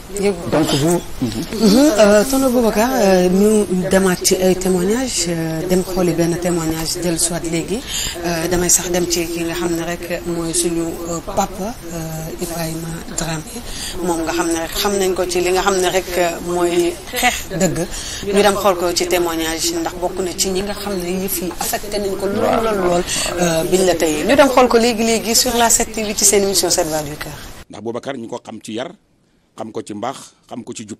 donc vous. Euh, tonton Boubacar euh, ñu demaat ci ay témoignages euh, dem xooli benn témoignage del soit léegi damay sax dem ci ki nga xam ne rek mooy suñu papa Ibrahima Dramé moom nga xam ne rek xam nañ ko ci li nga xam ne rek mooy xeex dëgg ñu dem xool ko ci témoignage ndax bokk na ci ñi nga xam ne yëf yi affecté nañ ko lool lool lool biñ la tey ñu dem xool ko léegi léegi sur la 7TV ci seen émission 7 voix du cœur. ndax Boubacar ñu ko xam ci yar. xam ko ci mbaax xam ko ci jub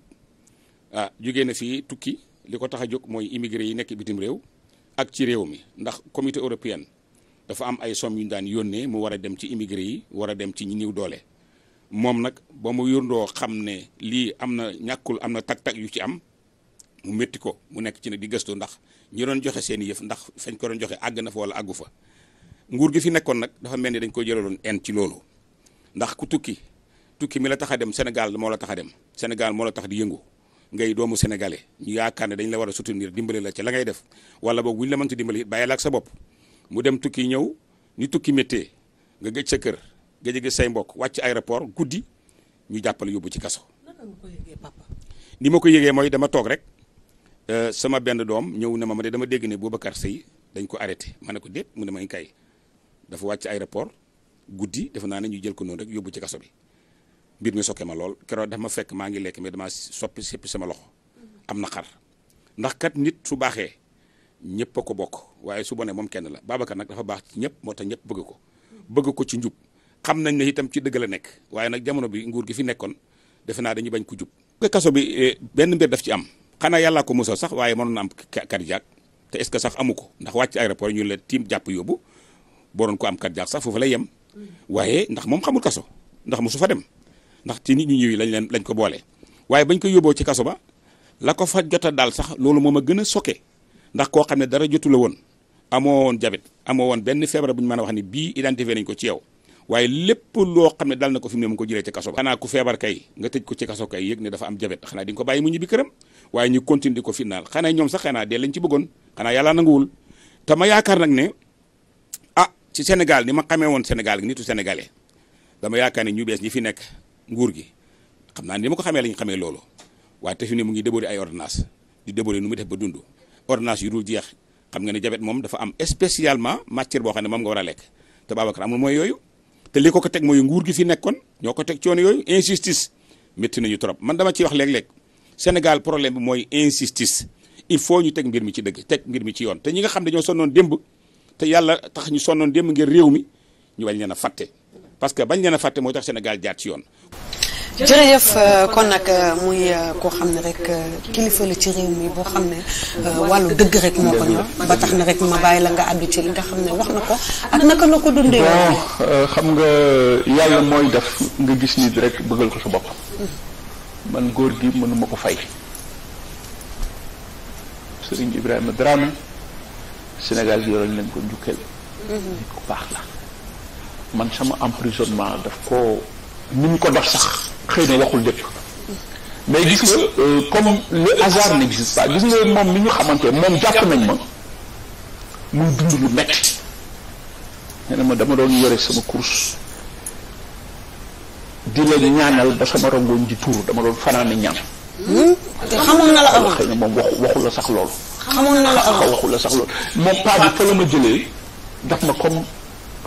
ah jugee na fii tukki li ko tax a jóg mooy immigré yi nekk bitim réew ak ci réew mi ndax comité européen dafa am ay somme yu daan yónnee mu war a dem ci immigré yi wara dem ci ñi néew doole moom nag ba mu yurndoo xam ne lii am na ñàkkul am na tag-tag yu ci am mu métti ko mu nekk ci ne di gëstu ndax ñi doon joxe seen yëf ndax fañ ko doon joxe àgg na fa wala àggu fa nguur gi fi nekkoon nag dafa mel ni dañ ko jëlaloon en ci loolu ndax tukki tukki mi la tax a dem Sénégal moo la tax a dem Sénégal moo la tax di yëngu ngay doomu sénégalais ñu yaakaar ne dañ la war a soutenir dimbali la ci la ngay def wala boog bu ñu la mënti dimbali bàyyi la ak sa bopp mu dem tukki ñëw ñu tukki méttee nga gëj sa kër nga gëj say mbokk wàcc aéroport guddi ñu jàppale yóbbu ci kaso. ni ma ko yëgee mooy dama toog rek euh, sama benn doom ñëw ne ma ma de dama dégg ne boobu Boubacar Seye dañ ko arrêté ma ne ko déet mu ne ma kay dafa wàcc aéroport guddi def naa ne ñu jël ko noonu rek yóbbu ci kaso bi. mbir mi sokke ma lool keroog daf ma fekk maa ngi lekk mais damaa soppi seppi sama loxo am na xar ndax kat nit su baaxee ñëpp ko bokk waaye su bonee moom kenn la Babacar nag dafa baax ci ñëpp moo tax ñëpp bëgg ko bëgg ko ci njub xam nañ ne itam ci dëgg la nekk waaye nag jamono bi nguur gi fi nekkoon defe naa dañuy bañ ko jub kaso bi eh, benn mbir daf ci am xanaa yàlla ko musal sax waaye mënoon na am cardiaque te est-ce que sax amu ko ndax wàcc aéroport ñu leen tiim jàpp yóbbu boo ko am cardiaque sax foofu lay yem mm. waaye ndax moom xamul kaso ndax mosu fa dem ndax ci nit ñu ñëw lañ leen lañ ko boole waaye bañ ko yóbboo ci kaso ba la ko fa jot a daal sax loolu moom a gën a sokke ndax koo xam ne dara jotu la woon amoo woon jabet amoo woon benn feebar bu ñu mën a wax ni bii identifié nañ ko ci yow waaye lépp loo xam ne dal na ko fi mu ko jëlee ci kaso ba xanaa ku feebar kay nga tëj ko ci kaso kay yëg ne dafa am jabet xanaa di nga ko bàyyi mu ñibbi këram waaye ñu continue di ko fitnaal xanaa ñoom sax xanaa dee lañ ci bëggoon xanaa yàlla nanguwul te tama yaakaar nag ne ah ci Sénégal ni ma xamee woon Sénégal nitu sénégalais dama yaakaar ne ñu bees ñi fi nekk nguur gi xam naa ni ma ko xamee lañ xamee loolu waaye te mu ngi débori ay ordonnance di nu mu def ba dund ordonnance yu dul jeex xam nga ne jabet moom dafa am spécialement matière boo xam ne moom nga war a lekk te Babacar amul mooy yooyu ko ko teg mooy nguur gi fi nekkoon ñoo ko teg coono yooyu injustice métti nañu trop man dama ciy wax léeg-léeg Sénégal problème mooy injustice il faut ñu teg mbir mi ci dëgg teg mbir mi ci yoon te ñi nga xam ne ñoo sonnoon démb te yàlla tax ñu sonnoon démb ngir réew mi ñu bañ leen a fatte parce que bañ leen a fàtte mooy tax Sénégal jaat ci yoon. jërëjëf euh, kon nag euh, muy euh, koo xam ne rek kilifa la ci réew mi boo xam ne wàllu dëgg rek moo ko ñor ba tax na rek ma bàyyi la nga àddu ci li nga xam ne wax na ko ak naka la ko dundee. bon xam nga yàlla mooy def nga gis nit rek bëggal ko sa bopp. man góor gi mënuma ko fay. Serigne Ibrahima Dramé Sénégal gi yoroon ko njukkeel. Mhm. la. man sama emprisonnement daf ko ni ñu ko def sax xëy na waxul lépp mais gis nga euh, comme le hasard n'existe pas gis nga moom mi ñu xamante moom jàpp nañ ma muy dund lu metti nee na ma dama doon yore sama course di la ñaanal ba sama rongoñ di tuur dama doon fanaane ñaan xamoon na la avant xëy na moom waxu waxu la sax loolu xamoon na la avant waxu la sax loolu moom paa bi fa la ma jëlee daf ma comme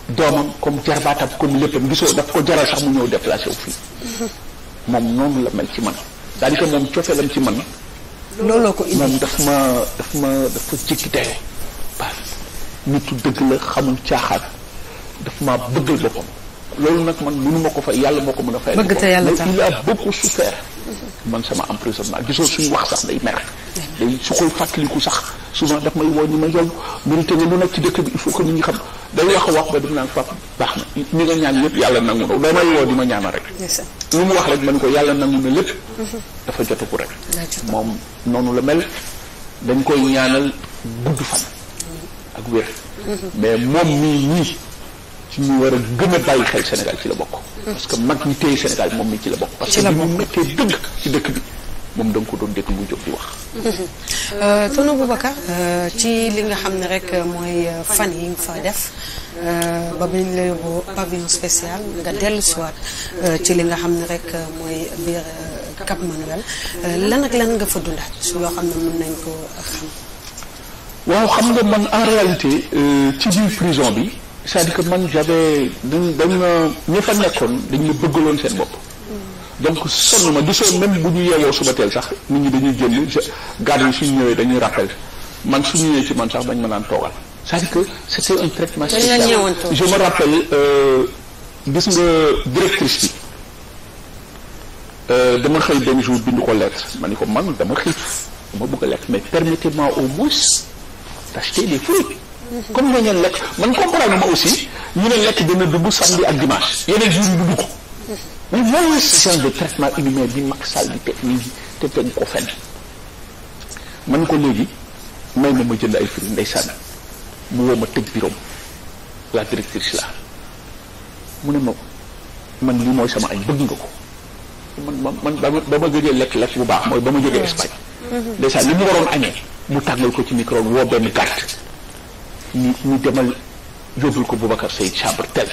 doomam comme jarbaatam comme léppam gisoo daf ko jaral sax mu ñëw déplacé wu fii moom noonu la mel ci man c'est-à-dire que ci man looloo ko indi daf ma daf ma dafa jikki dayo parce que nitu dëgg la xamul caaxaan daf ma bëggal boppam loolu nag man mu ma ko fa yàlla moo ko mën a fay bëgg te yàlla tax il a beaucoup souffert man sama emprisonnement gisoo suñu wax sax day mer day su koy fàttaliku sax su souvent daf may woo ñi ma yow mérité nga lu nekk ci dëkk bi il faut que nit ñi xam day wax wax ko def naan fap baax na ñi nga ñaan lépp yàlla nangu na damay woo di ma ñaana rek lu mu wax rek man ko yàlla nangu na lépp mm-hmm. dafa jotaku rek moom noonu la mel dañ koy ñaanal gudd fan mm-hmm. ak wér mm-hmm. mais moom mii nii ci ñu war a gën a bàyyi xel Sénégal ci la bokk parce que mag ñu téye Sénégal moom mii ci la bokk parce que bi mu méttee dëgg ci dëkk bi moom da nga ko doon déglu mu jóg di wax. Euh, tonton Boubacar euh, ci li nga xam ne rek euh, mooy fan yi nga fa def ba bi ñu la yóbboo pavillon spécial nga dellu siwaat ci li nga xam ne rek mooy biir Cap Manuel lan ak lan nga fa dundaat su loo xam ne mën nañ ko xam. waaw xam nga man en ci biir prison bi c'est-à-dire que man j'avais dañ dañ ma ñi fa nekkoon dañ ma bëggaloon seen bopp. donc sonn ma gisoo même bu ñu yeewoo suba teel sax nit ñi dañuy génn garde yi suñu ñëwee dañuy rappel man suñu ñëwee ci man sax dañ ma naan toogal c'est-à-dire que c'était un traitement spécial je euh, gis nga directrice bi euh, dama xëy benn jour bind ko lettre ma ni ko man dama xiif dama bëgg a lekk mais permettez-moi au moins d'acheter des fruits comme la ngeen lekk man comprendre ma aussi ñu ne lekk dina dugg samedi ak dimanche yeneen jours yi du dugg lu mauvaise de traitement inhumain bi Macky Sall di teg ko fenn man ko léegi may ma ma jënd ay firi ndeysaan mu woo ma tëj biroom la directrice la mu ne ma man lii mooy sama añ bëgg nga ko man man ba ma ba ma gëjee lekk lekk bu baax mooy ba ma jógee mm. Espagne mm-hmm. ndeysaan li mu waroon añee mu tàngal ko ci micro woo benn carte ñu ñu demal yóbbul ko Boubacar Seye chambre tel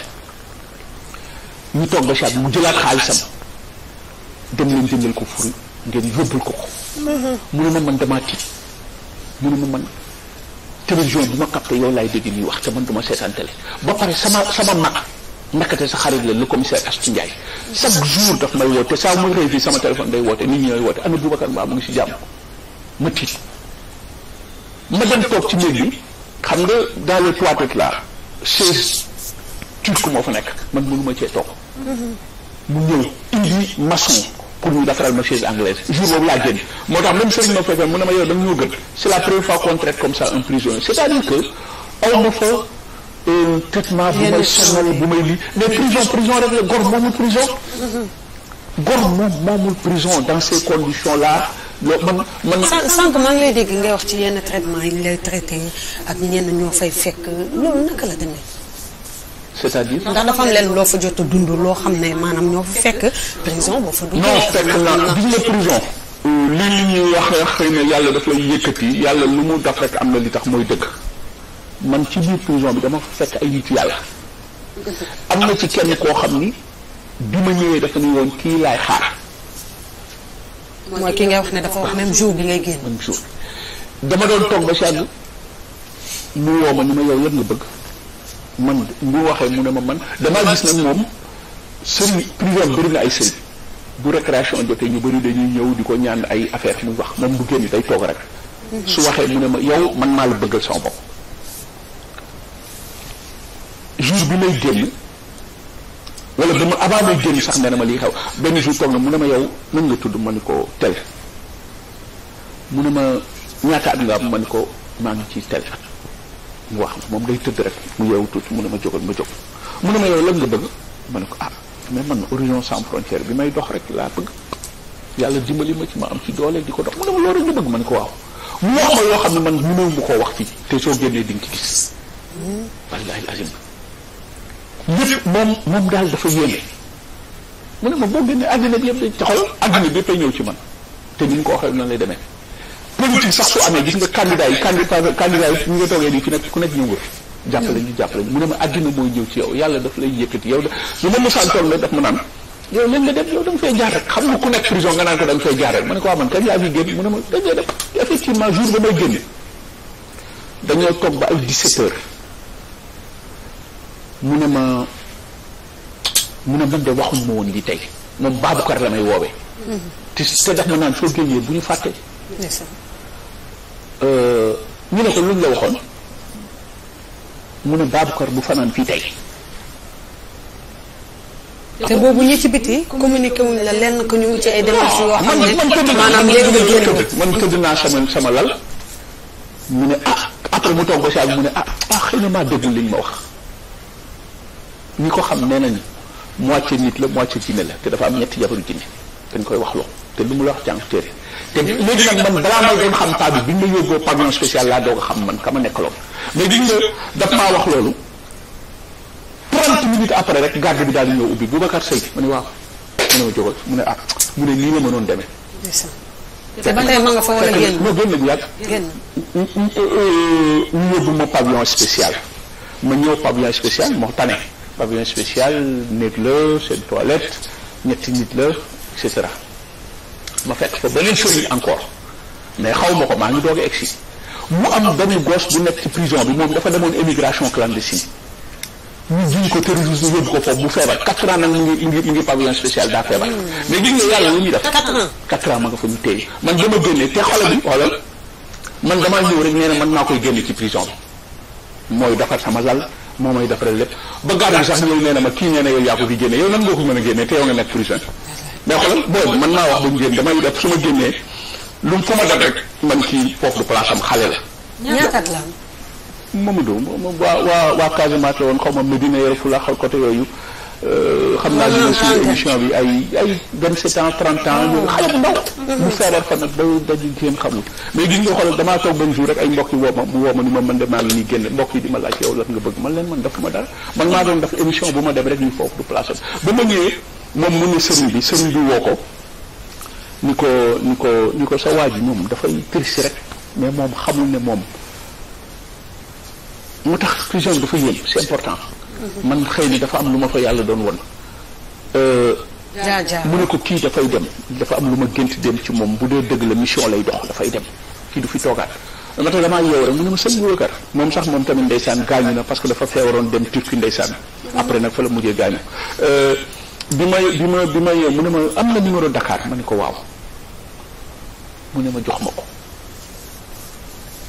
ñu toog ba saab mu jëlaat xaalisam dem leen jëndal ko furi ngeen yóbbul ko ko mu ne ma man damaa tiit mu ne ma man télévision bi ma capté yow laay dégg ñuy wax te man duma seetaan télé ba pare sama sama mag ndakate sa xarit la le commissaire Astou Ndiaye chaque jour daf may woote saa ma xëy fii téléphone day woote nit ñi ñooy woote ana Boubacar Mba mu ngi si jàmm ma tiit ma dem toog ci néeg bi xam nga dans les toilettes là chaise turque moo fa nekk man mënuma cee toog mu ñëw indi maçon pour ñu defaral ma chaise anglaise jour laa génn moo tax même Serigne ma fekk ma yow da nga ñoo gën c'est la première fois qu'on traite comme ça un prisonnier cest à ma fa euh, traitement bu may la man man. sànq maa ngi lay dégg ngay wax ci yenn traitement yi ñu lay traité ak ñenn fekk loolu naka la demee. c'est-à-dire. ndax dafa am leen loo fa jot dund loo xam ne maanaam ñoo fa fekk prison boo fa duggee. non fekk la gis nga prison. li ñuy wax xëy na yàlla daf lay yàlla lu mu daf rek am na li tax mooy dëgg man ci biir prison bi dama fa fekk ay nit yàlla. am na ci kenn koo xam ni bi ma ñëwee dafa ni woon kii laay xaar. mooy ki ngay wax ne dafa wax même jour bi ngay génn. même jour dama doon toog ba si àgg mu woo ma ni ma yow yëpp nga bëgg. man bu waxee mu ne ma man damaa gis nag moom sëriñ privé am bëri na ay sëriñ bu récréation jotee ñu bëri dañuy ñëw di ko ñaan ay affaire muy wax moom bu génn day toog rek su waxee mu ne ma yow man maa la bëggal sama bopp jour bi may génn wala ba mu avant may génn sax nee na ma lii xew benn jour toog na mu ne ma yow nan nga tudd ma koo ko mu ne ma ñaata at nga am ma ni maa ngi ci tel mu wax moom day tëdd rek mu yeewu tuuti mu ne ma jógal ma jóg mu ne ma yow lan nga bëgg ma ne ko ah mais man horizon sans frontière bi may dox rek laa bëgg yàlla dimbali ma ci ma am ci doole di ko dox mu ne ma loolu rek nga bëgg ma ne ko waaw mu wax ma yoo xam ne man mënewu ma koo wax fii te soo génnee di nga ci gis wallaahi azim lépp moom moom daal dafa yéeme mu ne ma boo génnee àddina bi yëpp dañ ci xol àddina bi yëpp ñëw ci man te ni mu ko waxee noonu lay demee politique sax su amee gis nga candidat yi candidat candidat yi ñu nga toogee nii ku nekk ku nekk ñu wër jàppale ñu jàppale ñu mu ne ma àddina mooy ñëw ci yow yàlla daf lay yëkkati yow de lu ma mosaan toll daf ma naan yow léegi nga dem yow da nga fay jaar rek xam nga ku nekk prison nga naan ko da nga fay jaar rek ma ne ko waa ah, man kañ laa fi génn mu ne ma dañ lay def effectivement jour ba may génn dañoo toog ba ay 17 heures mu ne ma mu ne man de waxuñ ma woon lii tey moom Babacar la may woowee mm-hmm. te te daf ma naan soo génnee bu ñu fàtte ñu ne ko luñ la waxoon mu ne Babacar bu fanaan fii tey. te boobu ñi ci biti communiqué wuñ la lenn ko ñu ngi ci ay démarches yoo ah, xam maanaam léegi nga génn man tëdd naa sama sama lal mu ne ah après mu toog ba saa mu ne ah ah xëy na maa déglu liñ ma wax ñi ko xam nee nañu moitié nit la moitié jinne la te dafa am ñetti jabaru jinne dañ koy wax loo te lu mu la wax jàng téere te léegi nag man balaa may doon xam paa bi bi ñu ma yóbboo pavillon xam man ka ma nekkaloon mais bi ñu rek garde bi daal di ñëw ubbi Boubacar Seye ma ma jógal mu ah, mu ne nii mënoon demee. te nga a génn ma yóbbu ma pavillon spécial ma ñëw pavillon spécial moo tane pavillon spécial néeg la seen toilette ñetti nit la et ma fekk fa beneen sëriñ encore mais xaw ma ko maa ngi doog a egsi mu am benn gosse bu nekk ci prison bi moom dafa demoon émigration clandestine ñu jiñ ko terrorisme yóbbu ko foofu mu feebar quatre ans nag mu ngi mu ngi mu spécial daa feebar hmm. mais gis nga yàlla def quatre ans ma nga fa ñu téye man dama génne te xale bi man damaa koy génne ci prison bi mooy defar sama lal moo may defaral lépp ba garde bi sax ñëw nee na kii nee na yow yaa ko fi génne yow nan mën a génne te mais xoolal booy man maa wax ba mu génn damay def su ma génnee lu mu fu ma def rek man kii foofu du place am xale la. ñaata la am. Mamadou waa waa waa Casamance woon xaw ma Medina Yoro Fula xaw côté yooyu. Euh, xam naa ne suñu ah, bi ay ay vingt-sept ans trente ans ñoom ah, xale bu ndaw. mu feebar fa nag day dañuy génn xamul. mais gis nga xoolal damaa toog benn jour rek ay mbokk yi mu woo ni ma man de maa ngi nii génn mbokk di ma laaj yow lan nga bëgg man leen man defuma dara man maa doon def émission bu ma dem rek ñu foofu du place ba ma ñëwee. moom mu ni sëriñ bi sëriñ bi woo ko ni ko ni ko ni ko sa waaju moom dafay triste rek mais moom xamul ne moom moo tax fusion dafa yéem c'est important mhm. man xëy ni dafa am lu ma fa yàlla doon won euh, mu ne ko kii dafay dem dafa am lu ma gént dem ci moom bu dee dëgg la mission lay dox dafay dem kii du fi toogaat dama tax damaa yeew rek mu ne ma sëñ Boubacar moom sax moom tamit ndeysaan gaañu na parce que dafa feewaroon dem Turquie ndeysaan mhm. après nag fa la mujjee gaañu euh, bi ma bi ma bi ma mu ne ma am na numéro Dakar ma ne ko waaw mu ne ma jox ma ko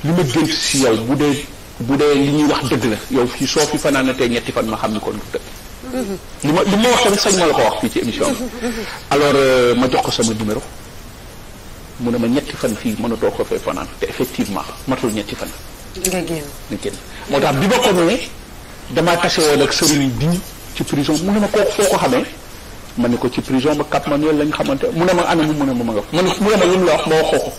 li ma gént si yow bu dee bu dee li ñuy wax dëgg la yow fii soo fi fanaan tey ñetti fan ma xam ne kon du dëgg mm-hmm. ma wax sañ ma ko wax ci émission bi mm-hmm. euh, ma jox ko sama numéro mu ne ma ñetti fan fii mënatoo ko fee fanaan te effectivement matul ñetti fan moo tax bi ma ko nee damaa tase ak sëriñ bi ci prison mu ne ma kooku foo ko xamee ma ne ko ci prison ba Cap Manuel lañ xamante mu ne ma ana mu mu ne ma ma nga fa mu ne ma lu mu la wax ma waxoo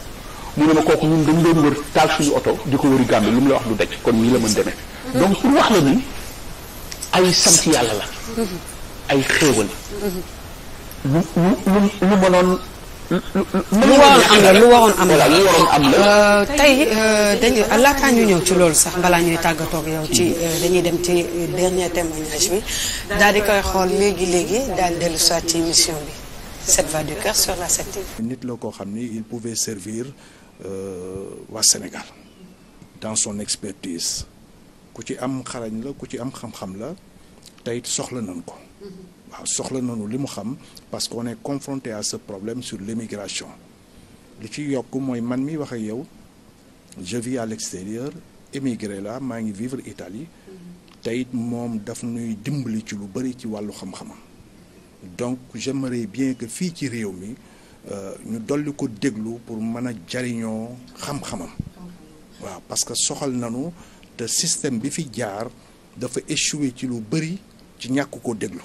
mu ne ma kooku ñun dañ doon wër taal suñu oto di ko wëri Gambie lu mu la wax du daj kon nii la mën demee donc pour wax la ni ay sant yàlla la mm-hmm. ay xéewal lu lu lu mënoon lu waroon am la lu waroon am la lu waroon am la. Euh, tey euh, dañu laataa ñu ñëw ci loolu sax balaa ñuy tàggatoog yow ci euh, dañuy dem ci dernier témoignage bi daal di koy xool léegi léegi daal dellu soit ci émission bi 7 voix du cœur sur la 7TV. nit la koo xam ni il pouvait servir waa Sénégal dans son expertise ku ci am xarañ la ku ci am xam-xam la tey soxla nañ ko. Mhm. waaw soxla nañu li mu xam parce qu'on est confronté à ce problème sur l'immigration li ci yokk mooy man mi wax yow je vis à l'extérieur émigré la maa ngi vivre Italie teyit moom daf nuy dimbali ci lu bëri ci wàllu xam-xamam donc j'aimerais bien que fii ci réew mi euh, ñu dolli ko déglu pour mën a jariñoo xam-xamam waaw parce que soxal nañu te système bi fi jaar dafa échoué ci lu bëri ci ñàkk ko déglu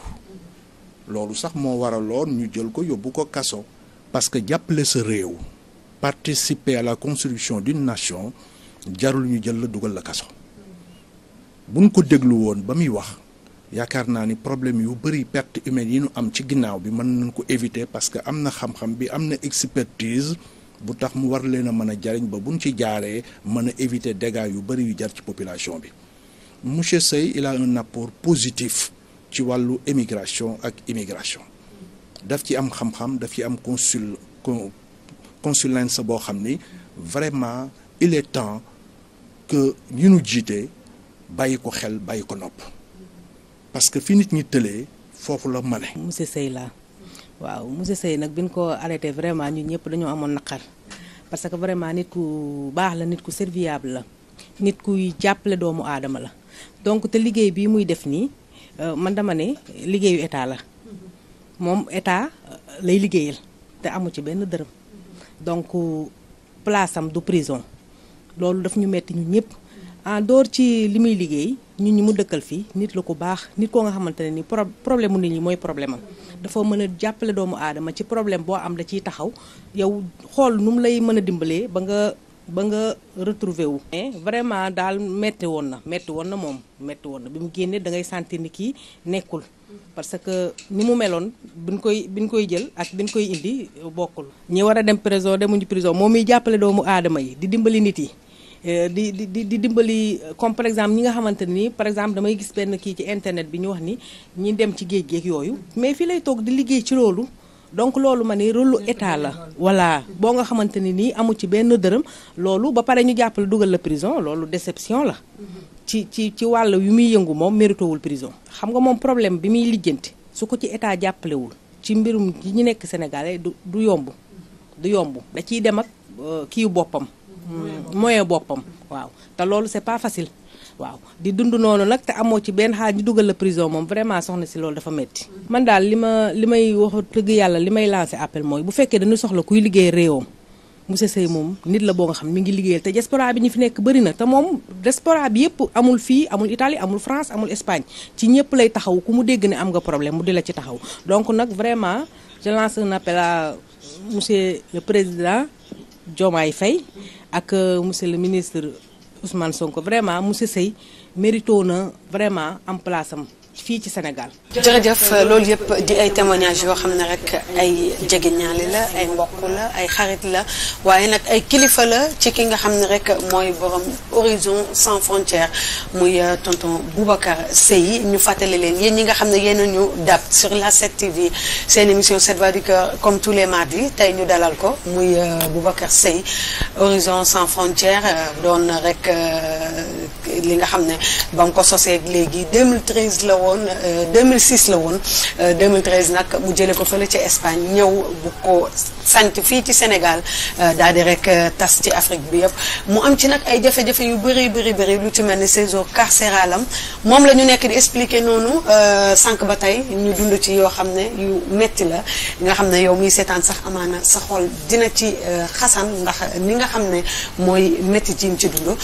loolu sax moo waraloon ñu jël ko yóbbu ko kaso parce que jàppale sa réew participer à la construction d'une nation jarul ñu jël la dugal la kaso buñ ko déglu woon ba muy wax yaakaar naa ni problème yu bëri perte humaine yi ñu am ci ginnaaw bi mën nañ ko éviter parce que am na xam-xam bi am na expertise bu tax mu war leen a mën a jariñ ba buñ ci jaaree mën a éviter dégâts yu bëri yu jar ci population bi monsieur Seye il a un positif ci wàllu émigration ak immigration daf ci am xam-xam daf ci am consul consulence boo xam ni vraiment il est temps que ñu nu jiite bàyyi ko xel bàyyi ko nopp parce que fi nit ñi tëlee foofu la mane. monsieur Seye la waaw monsieur Seye nag bi ñu ko arrêté vraiment ñun ñëpp dañoo amoon naqar parce que vraiment nit ku baax la nit ku serviable la nit kuy jàppale doomu aadama la donc te liggéey bii muy def nii. Euh, man dama ne liggéeyu état la moom état euh, lay liggéeyal te amu ci benn dërëm donc euh, place am du prison loolu daf ñu metti ñu ñëpp en dehors ci li muy liggéey ñun ñi mu dëkkal fii nit lu ko baax nit koo nga xamante ne ni problème mu nit ñi mooy problème am dafa mën a jàppale doomu aadama ci problème boo am da ciy taxaw yow xool nu mu lay mën a dimbalee ba nga ba nga retrouver wu. mais vraiment daal metti woon na metti woon na moom metti woon na bi mu génnee da ngay sentir ni kii nekkul. parce que ni mu meloon biñ koy bi biñ koy jël ak biñ koy indi bokkul. ñi war a dem prison demuñu prison moom miy jàppale doomu aadama yi di dimbali nit yi. Euh, di di di dimbali comme par exemple ñi nga xamante par exemple damay gis benn kii ci internet bi ñu wax ni ñi dem ci géej géej yooyu mais fii lay toog di liggéey ci loolu. donc loolu ma ne rôle lu état la voilà boo nga xamante ni nii amu ci benn dërëm loolu ba pare ñu jàppale dugal la prison loolu déception la ci ci ci wàll yu muy yëngu moom méritowul prison xam nga moom problème bi muy lijjanti su ko ci état jàppalewul ci mbirum yi ñu nekk sénégalais du du yomb du yomb da ciy dem ak euh, kii boppam moyen boppam waaw te loolu c'est pas facile waaw di dund noonu nag te amoo ci benn xaal ñu dugal la prison moom vraiment soxna si loolu dafa métti man daal li ma li may wax dëgg yàlla li may lancé appel mooy bu fekkee dañu soxla kuy liggéey réewam monsieur Seye moom nit la boo nga xam mi ngi liggéeyal te diaspora bi ñu fi nekk bëri na te moom diaspora bi yëpp amul fii amul itali amul France amul Espagne ci ñëpp lay taxaw ku mu dégg ne am nga problème mu di la ci taxaw donc nag vraiment je lance un monsieur président Diomaye Faye ak euh, monsieur le ministre Ousmane Sonko vraiment Monsieur Seye mérito na vraiment am place am. fii ci Sénégal. jërëjëf loolu yëpp di ay témoignages yoo xam ne rek ay jegeñaale la ay mbokk la ay xarit la waaye nag ay kilifa la ci ki nga xam ne rek mooy borom horizon sans frontières muy euh, tonton Boubacar Sèye ñu fàttali leen yéen ñi nga xam ne yéen ñu dab sur la 7TV seen émission 7 comme tous les mardis tey ñu dalal ko muy euh, Boubacar Sèye horizon sans frontières euh, doon rek li nga xam ne ba mu ko sosee léegi la woon 2006 euh, la woon 2013 euh, nag mu jëlee ko fële ci Espagne ñëw bu ko sant fii ci Sénégal euh, daal di rek tas ci Afrique bi yëpp mu am ci nag ay jafe-jafe yu bëri bëri bëri lu ci mel ni séjour carcéral moom la ñu nekk di expliquer noonu sànq ba tey ñu dund ci yoo xam ne yu metti la nga xam ne yow muy seetaan sax amaana sa xol dina ci xasan ndax ni nga xam ne mooy metti ci ci dund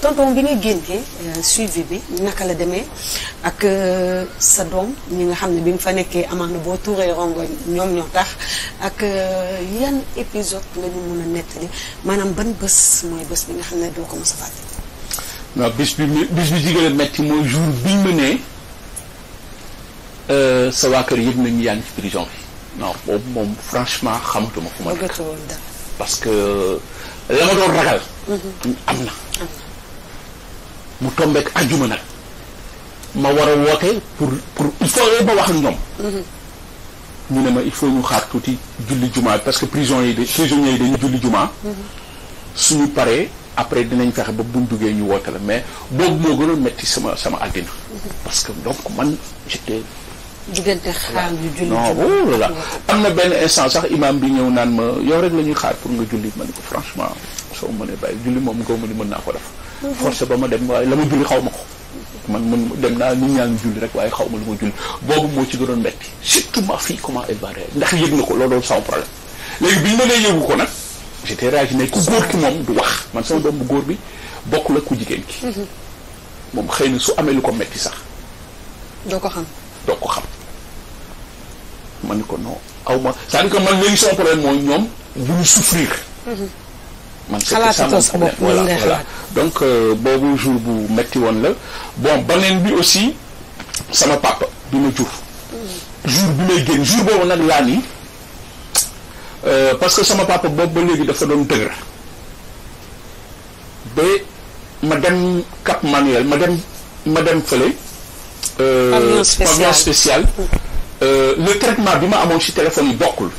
tonton bi nga génnee suivi bi naka la demee ak. sa doom ñi nga xam ne bi nga fa nekkee amaana boo tuuree rongoñ ñoom ñoo tax ak euh, yan épisode nga ñu mën a nettali maanaam ban bés mooy bés bi nga xam ne doo ko mos jour biñ euh, sa waa kër yëpp nañu yaa ngi ci prison bi. non moom franchement xamatuma fu ma nekk parce que la doon ragal. Mm-hmm. am na. mu tombeek ajjuma nag. ma war a woote pour pour il faut ma wax ak ñoom. ñu ne ma il faut ñu xaar tuuti julli jumaa parce que prison yi de prisonniers yi dañu julli jumaa. suñu paree après dinañ fexe ba buñ duggee ñu woote la mais boobu moo gën a métti sama sama àddina. parce que donc man j'étais. diggante xaar ñu julli non voilà oh am na benn instant sax imam bi ñëw naan ma yow rek la ñuy xaar pour nga julli ma ne ko franchement soo mënee bàyyi julli moom nga ma ni mën naa ko def. Mhm. forcé ba ma dem waaye la ma julli xaw ma ko. man man dem naa nit ñaa ngi julli rek waaye xaw ma lu ma julli boobu moo ci gënoon metti surtout ma fille comment elle ndax yëg na ko loolu doon sama problème léegi bi ñu la nee yëgu ko nag j'étais réagi ne ku góor ki moom du wax man sama doom bu góor bi bokk la ku jigéen ki mhm. moom xëy na su amee lu ko metti sax doo ko xam doo ko xam man ni ko non aw ma c'est-à-dire que man léegi sama problème mooy ñoom du ñu souffrir mhm. man xalaatoo sa bopp voilà donc euh, boobu jour bu metti woon la bon beneen bi aussi sama papa bi ma jur. jour bi may génn jour boobu nag laa nii euh, parce que sama papa boobu ba léegi dafa doon dëgër ba ma dem Cap Manuel ma dem ma dem fële. Euh, pavillon spécial pavillon spécial. le traitement bi ma amoon si téléphone yi bokkul.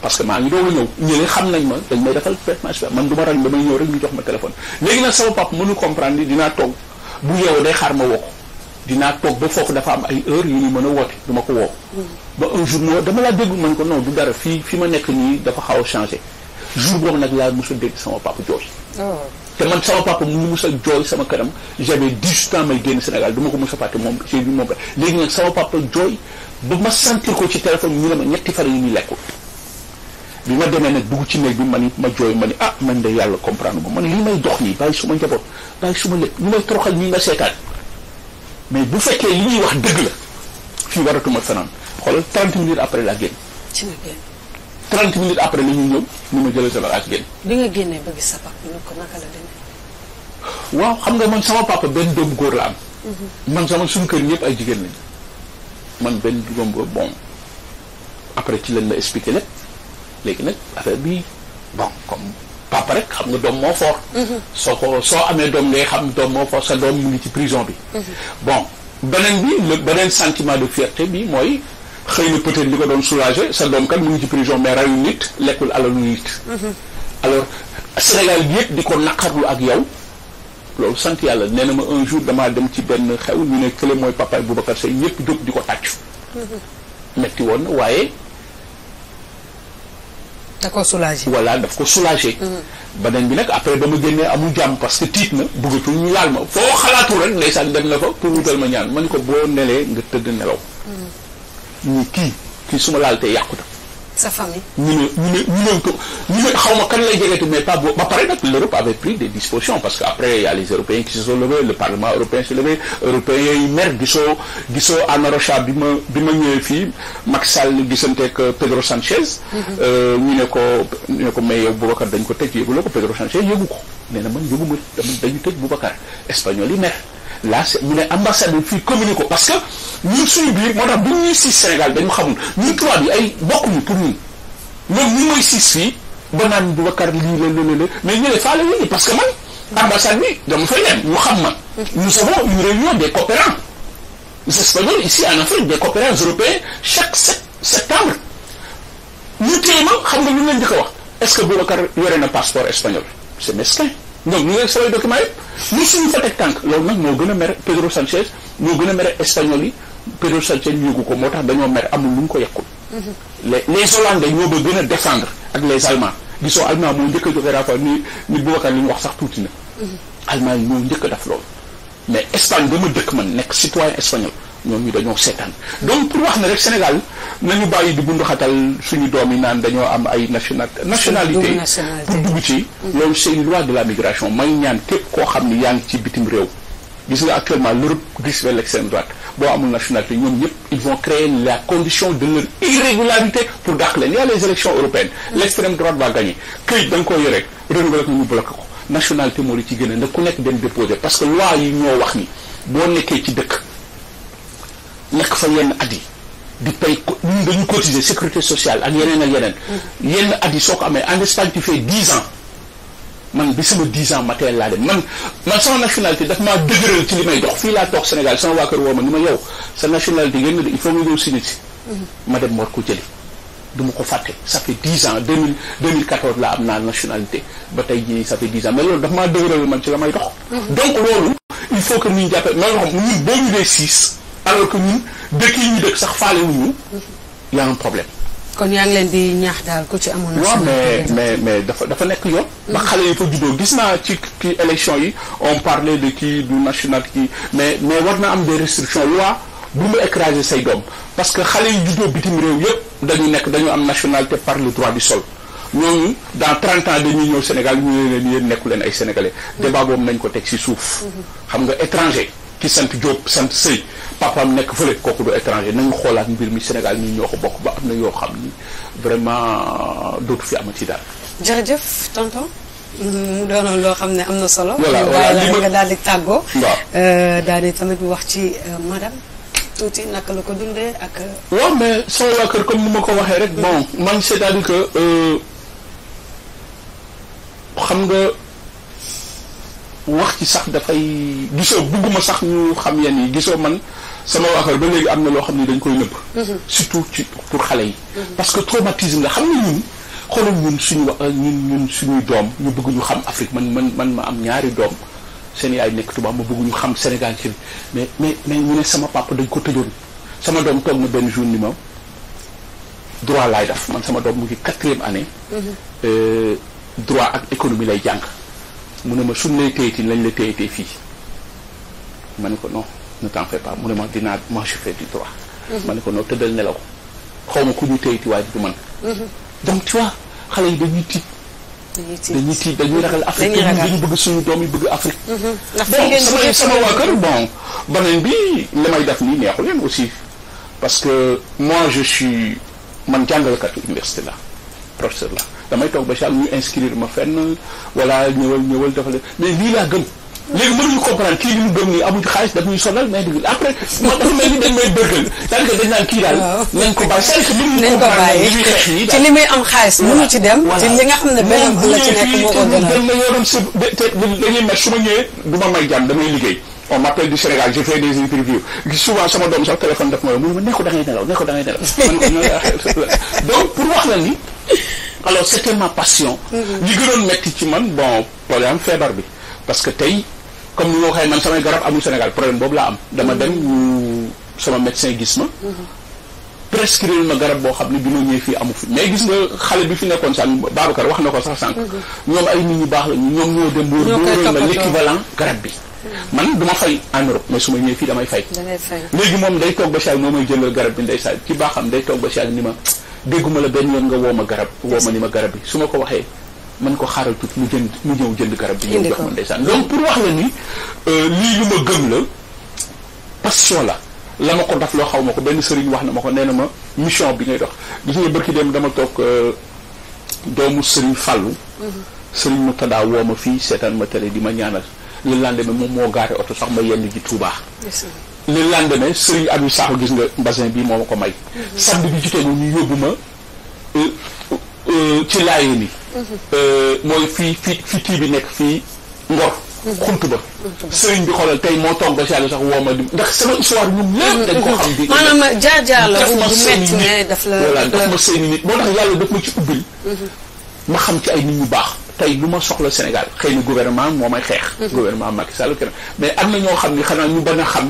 parce que maa ngi doog a ñëw ñële xam nañ ma dañ may defal traitement cheveux man du ma ràññ damay ñëw rek ñu jox ma téléphone léegi nag sama toog bu yeew day xaar ma dinaa toog ba foofu dafa am ay heure yu mën a woote du ma ko woo ba un jour moo dama laa dégg man ko non fii ma nekk nii xaw a changé jour nag laa mos a dégg sama papa jooy oh. te mu ngi a jooy sama kanam j'avais dix-huit du ma ko mos a fàtte moom j'ai vu moom léegi nag sama papa jooy ba ma sentir ko ci téléphone ñu ne ma ñetti fan yi ñu lekkul bi ma demee nag dugg ci néeg bi ma ni ma jooy ma ni ah man de yàlla comprendre ma man lii may dox nii bàyyi suma njaboot bàyyi suma lépp ñu may toroxal ñii nga seetaan mais bu fekkee li ñuy wax dëgg la fii waratuma fanaan xoolal 30 minutes après la génn. ci nga génn. 30 la ñuy ñëw ni ma jëlee sa ak génn. bi nga génnee ba gis sa papa ñu ko naka la xam nga man sama papa benn doomu góor la am. Mhm. man sama suñ kër ñëpp ay jigéen lañu. man benn doomu góor bon après ci lañ la expliqué lépp. léegi nag affaire bi bon comme papa rek xam nga doom moo fort. Mm-hmm. soo ko soo amee doom ngay xam doom moo fort sa doom mu ngi ci prison bi. Mm-hmm. bon beneen bi beneen sentiment de fierté bi mooy xëy na peut-être li ko doon soulager sa doom kat mu ngi ci prison mais rayu nit lekkul alalu nit. Mm-hmm. alors Sénégal bi di ko naqarlu ak yow. loolu sant yàlla nee na ma un jour damaa dem ci benn xew ñu ne kële mooy papa Boubacar Seye ñëpp jóg di ko tàccu. metti woon waaye. da ko soulagé voilà daf ko soulagé. Mm-hmm. beneen bi nag après ba ma génnee amul jàmm parce que tiit na buggatu ñu laal ma foo xalaatul rek ndeysaan dem na fa pour wutal ma ñaan ma ni ko boo nelee nga tëdd nelaw. ñu mm-hmm. kii kii suma laal te yàqu sa famille. ñu ne ñu ne ñu ne ko ne xaw ma kan lay ba pare nag l'Europe avait pris des dispositions parce que après y a les Européens qui se sont levés le Parlement européen s'est levé Européens yooyu mer gisoo gisoo bi ma bi ma ñëwee fii Macky Sall gisanteeg euh, Pedro Sanchez. Mm-hmm. Euh, ñu ne ko ñu ne ko mais yow Boubacar dañ ko tëj yëguloo ko Pedro Sanchez yëgu ko nee na man yëgu ma dañu tëj Boubacar espagnol yi mer. là mu ne ambassade bi fii communiqué ko parce que ñun suñu biir moo tax bu ñuy siis Sénégal dañu xamul ñun tubaab yi ay bokkuñu pour ñun ñoom ñu mooy siis fii ba naan Boubacar lii la la la mais ñu ne faale wu ñu parce que man ambassade bi dama fay dem ñu xam man nous avons une réunion des coopérants Espagnols ici en Afrique des coopérants européens chaque sept septembre ñu téye ma xam nga lu leen di ko wax est-ce que Boubacar yore na passeport espagnol c'est mesquin ñoom ñu ngi ak samay document yëpp mu suñu fa teg tànk loolu nag moo gën a mere Pedro Sanchez moo gën a mere espagnol yi Pedro Sanchez yógu ko moo tax dañoo mere amul lu ñu ko yekkul mhm. les les hollandais ñoo ba gën a défendre ak les allemands gisoo allemand moo njëkk a joxe rapport ni ni Boubacar li ñu wax sax tuuti na mhm. allemand yi ñoo njëkk a def loolu mais Espagne ba ma dëkk man nekk citoyen espagnol ñoom ñu dañoo seetaan donc pour wax na rek Sénégal nañu bàyyi di bunduxatal suñu doom yi naan dañoo am ay national nationalité pour dugg ci mm-hmm. loolu c'est loi de la migration may ñaan képp koo xam ni yaa ngi ci bitim réew gis nga actuellement l'Europe gis vers l'extrême boo amul nationalité ñoom ñëpp ils vont créer la condition de leur irrégularité pour dàq leen y a les élections européennes mm-hmm. l'extrême droite va gagner këyit da nga koy yore ko ñu bloqué nationalité moo li ci gën a na ku nekk que loi yi ñoo wax nekk fa yenn at yi di pay ñun dañu cotiser sécurité sociale ak yeneen ak yeneen. Mm-hmm. yenn at yi soo ko amee en Espagne ans man bi sama dix ans matériel laa dem man ma ni ma yow sa nationalité ngeen ne il faut nga ñëw si nit si ma dem war ko jëli du ma ko fàtte ça fait dix ans deux mille deux mille quatorze laa am naa nationalité ba tey jii ça fait dix ans mais loolu daf maa dëgëral man ci la may dox. Mm-hmm. donc loolu il faut que ñu jàppee man loo xam ñun boo ñu dee six. alors que dëkk yi ñu sax faale wuñu y problème. kon yaa ngi leen di ñaax daal ku ci amoon. non mais mais mais dafa dafa nekk yoon. ba xale yi fa juddoo gis naa ci kii élection yi on parlait de kii du national kii mais mais war na am des restrictions loi bu mu écraser say doom parce que xale yi juddoo bitim réew yëpp dañu nekk dañu am national par le droit du sol ñooñu dans 30 ans dañuy ñëw Sénégal ñu leen yéen nekku leen ay sénégalais. débat boobu nañ ko teg si suuf. Mm-hmm. xam nga étranger. ki sant Diop sant Sey papaam nekk fële kooku du étranger nañu xoolaat mbir mi Sénégal ñi ñoo ko bokk ba am na yoo xam ni vraiment dootu fi amati daal. jërëjëf tonton. mu doonoon loo xam ne am na solo. voilà voilà nga daal di tàggoo. waaw euh, daal di tamit wax ci euh, madame. tuuti naka la ko dundee ak. Euh, waaw mais sama waa kër comme ni ma ko waxee rek. Hmm. bon man c'est-à-dire que xam nga. wax ci sax dafay gisoo bugguma sax ñu xam yenn yi gisoo man sama waakar ba léegi am na loo xam ni dañ koy nëbb mhm. surtout ci pour xale yi mhm. parce que traumatisme la xam ne ñun xoolal ñun suñu euh, doom ñu bëgg ñu xam Afrique man man man ma am ñaari doom seen yaay nekk tubaab ma bëgg ñu xam Sénégal ci mais mais mais mu ne sama papa dañ ko tëjoon sama doom toog na benn jour ni ma droit laay def man sama doom mu ngi quatrième année mhm. euh, droit ak économie lay jàng mu ne ma suñ lay téyati lañ la téyatee fii ma ne ko non ne t'en fais pas mu ne ma dinaa m'achever du droit. Mhm. ma ne ko non tëddal nelaw xaw ma ku ñu téyati waaye du man. Mhm. donc tu vois xale yi dañuy tiit. dañuy tiit dañuy ragal Afrique dañuy bëgg suñu doom yi bëgg Afrique. Mhm. ndax sama sama waa kër bon beneen bi li may def nii neexu leen aussi parce que moi je suis man jàngalekatu université la professeur la. damay toog ba Charles ñu inscrire ma fenn wala ñëwal ñëwal dafa la mais lii laa gëm. léegi mënuñu comprendre kii li ñu gëm nii amuñu xaalis daf ñuy sonal mais dugg après moo tax mel ni dañ nga xam ne benn bu la ci nekk moo ko na met su ma ñëwee du ma may jàmm damay liggéey on m'appelle du Sénégal je des interviews souvent sama doom sax téléphone daf ma yo mënu ma nelaw donc pour la ni alors c'était ma passion. Mm-hmm. li gënoon metti ci man bon problème feebar bi parce que tey comme ni ma ko waxee man samay garab amul Sénégal problème boobu laa am dama mm-hmm. dem sama médecin gis ma. Mm-hmm. prescrire na garab boo xam ne bi ma ñëwee fii amu fi mais gis nga xale bi fi nekkoon sànq Babacar wax na ko sax sànq. ñoom ay nit ñu baax la ñoom ñoo dem. ñoo koy toppatoo l'équivalent garab bi. man du ma fay en Europe su ma ñëwee fii damay fay léegi moom day toog ba saag moo may jëndal garab bi ndeysaan ci baaxam day toog ba saag ni ma dégguma la benn yoon nga woo ma garab woo ma ni ma garab bi su ma ko waxee man ko xaaral tuuti mu jënd mu ñëw jënd garab bi ñëw jox ma ndeysaan donc pour wax la ni euh, lii ma gëm la passion la la ma ko daf loo xaw ma ko benn sëriñ wax na ma ko nee na ma mission bi ngay dox gis nga bërki dem dama toog euh, doomu sëriñ falu mm-hmm. sëriñ Moutada woo ma fii seetaan ma télé di ma ñaanal le lendemain moom moo gaare oto sax ma yenn ji Touba. le lendemain Serigne Abdou Sakho gis nga mbasin bi moo ma ko may. Mm-hmm. samedi bi jotee ñu yóbbu ma euh, euh, ci laaye ni moo fii kii bi nekk fii Ngor. Mm-hmm. xunt ba. sëriñ bi xoolal tey moo toog ba si yàlla woo ma dim ndax sama histoire ñun lépp dañ ko jaar jaar la bu metti mais daf la voilà daf ma seen nit moo tax yàlla daf ma ci ubbil. Mm-hmm. ma xam ci ay nit ñu baax. tey lu ma soxla Sénégal xëy na gouvernement moo may xeex. Mhm. gouvernement Macky Sall keneen mais am na ñoo xam ni xanaa ñu bana xam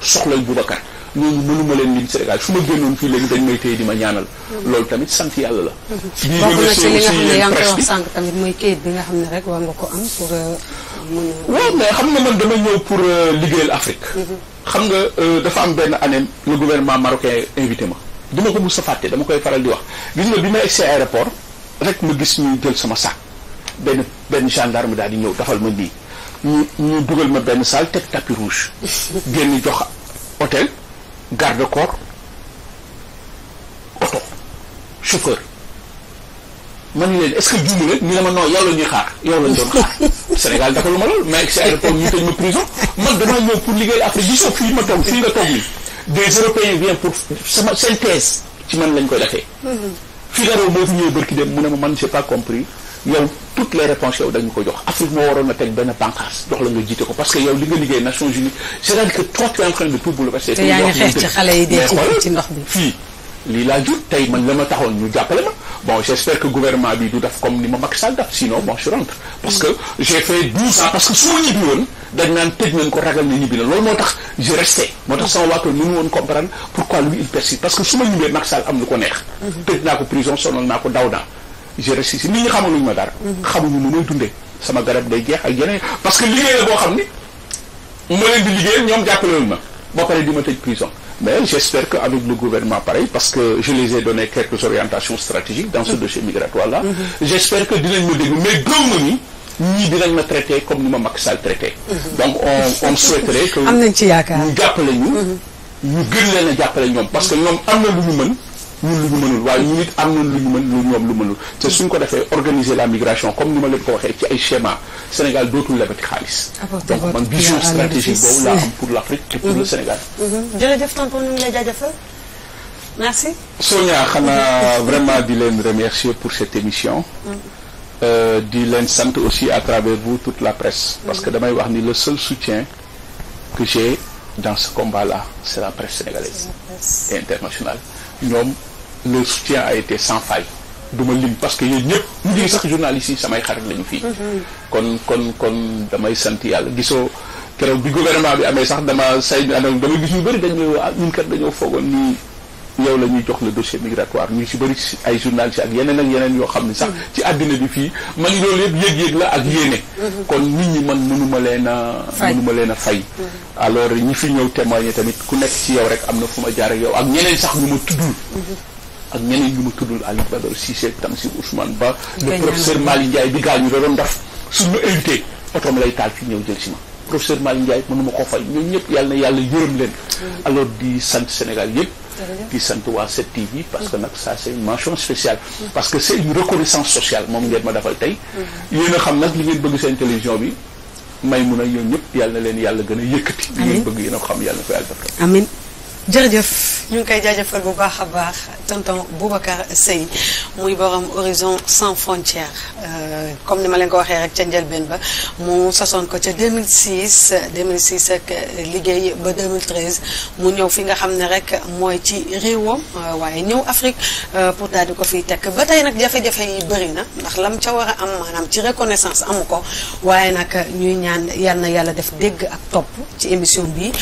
soxlay Boubacar ñooñu mënuma leen lim Sénégal su ma génnoon fii léegi dañ may téye ma ñaanal. Mhm. loolu tamit sant yàlla la. Mhm. lii remercié aussi yéen presse bi sànq tamit nga xam ne rek war nga ko am pour euh, mën a. pour euh, liggéeyal Afrique. xam nga euh, dafa am benn année le gouvernement marocain invité ma. dama ko mus sa fàtte dama koy faral di wax gis nga bi ma egsi aéroport rek ma gis ñu jël sama sac benn benn gendarme daal di ñëw dafal ma lii ñu ñu dugal ma benn salle teg tapis rouge génn jox hôtel garde corps oto chauffeur man ni leen est-ce que juumu leen ñu ne ma yow la xaar yow lañ doon xaar Sénégal dafa lu ma lool mais si aéroport ñu tëj ma prison man damaa ñëw pour liggéey après gisoo fii ma toog fii nga toog nii des européens viennent pour sama seen thèse ci man lañ koy defee mm-hmm. Figaro moo fi ñëw bërki dem mu ne ma man j'ai pas compris yow toutes les réponses yow dañu ko jox Afrique moo waroon a teg benn pancarte jox la nga jiite ko parce que yow li nga liggéey Nations Unies c'est-à-dire que toi tu ma ñu jàppale ma bon bi du def comme ni ma Macky Sall def sinon bon je rentre parce que j'ai fait 12 ans parce que su ma ñibbi woon dañ naan na ñibbi na ñibbee Macky Sall am lu ko neex mhm. tëj naa ko prison sonal naa ko daw naa je réussis nit ñi xamaluñ ma dara. Mhm. xamuñu nu may dundee sama garab day jeex ak yeneen parce que liggéey la boo xam ni ma leen di liggéeyal ñoom jàppalewuñ ma boo pare di ma tëj prison. mais j'espère que avec le gouvernement pareil parce que je les ai donné quelques orientations stratégiques dans ce mhm. dossier migratoire là. Mhm. j'espère que dinañ ma déglu mais ni ñii dinañ ma traité comme ni ma Macky Sall traité. donc on on souhaiterait que. am nañ yaakaar ñu jàppale ñu. ñu gën leen a jàppale ñoom parce que ñoom am na lu ñu mën. ñun lu ñu mënul waaye ñu nit am nañ lu ñu mën lu mënul te suñ ko defee organiser la migration comme ni ma leen ko waxee ci ay schéma Sénégal dootul lebati xaalis donc man vision stratégique boobu laa am pour l' Afrique et pour le mhm. Sénégal mhm. jërëjëf tonton ñu ngi lay jaajëfal merci Sonia xanaa vraiment di leen remercier pour cette émission mhm. euh, di leen sant aussi à travers vous toute la presse parce que damay wax ni le seul soutien que j'ai dans ce combat là c'est la presse sénégalaise et internationale le soutien a été sans faille du ma lim parce que yooyu ñëpp ñu ngi sax journalistes yi samay xarit lañu fii kon kon kon damay sant yàlla gisoo keroog bi gouvernement bi amee sax dama say damay gis ñu bëri dañ ah ñun kat dañoo foogoon nii yow la ñuy jox le dossier migratoire ñu si bëri ay journalistes ak yeneen ak yeneen yoo xam ne sax ci àddina bi fii man loolu yëpp yëg-yëg la ak yéene kon nit ñi man mënuma leen a mënuma leen a fay alors ñi fi ñëw témoigner tamit ku nekk ci yow rek am na fu ma jaar ak yow ak ñeneen sax ñu ma tuddul ak ñeneen ñu mu tuddul Aliou si Cissé Tamsir Ousmane Ba. le professeur Malick Ndiaye bi gaañu da doon def suñu invité otoom lay taal fi ñëw jël si ma. professeur Malick Ndiaye ma ko fay ñoom ñëpp yàlla na yàlla yërëm leen. Mm. alors di sant Sénégal yëpp. di sant waa 7TV parce que mm. nag ça see une mention spéciale. Mm. parce que c'est une reconnaissance sociale moom ngeen ma defal tey. yéen xam nag li ngeen bëgg seen télévision bi may mun a ñoom ñëpp yàlla leen yàlla gën a yëkkati. li ngeen bëgg xam yàlla jërëjëf ñu ngi koy jaajëfal bu baax a baax tonton Boubacar Seye muy borom horizon sans frontières euh, comme ni ma leen ko waxee rek ca njëlbeen ba mu sosoon ko ca 2006 2006 ak liggéey ba 2013 mu ñëw fi nga xam ne rek mooy ci réewam euh, waaye ñëw Afrique euh, pour daal di ko fiy tekk ba tey nag jafe-jafe yi bëri na ndax lam ca war a am maanaam ci reconnaissance amu ko waaye nag ñuy ñaan yal yàlla def dégg ak topp ci émission bi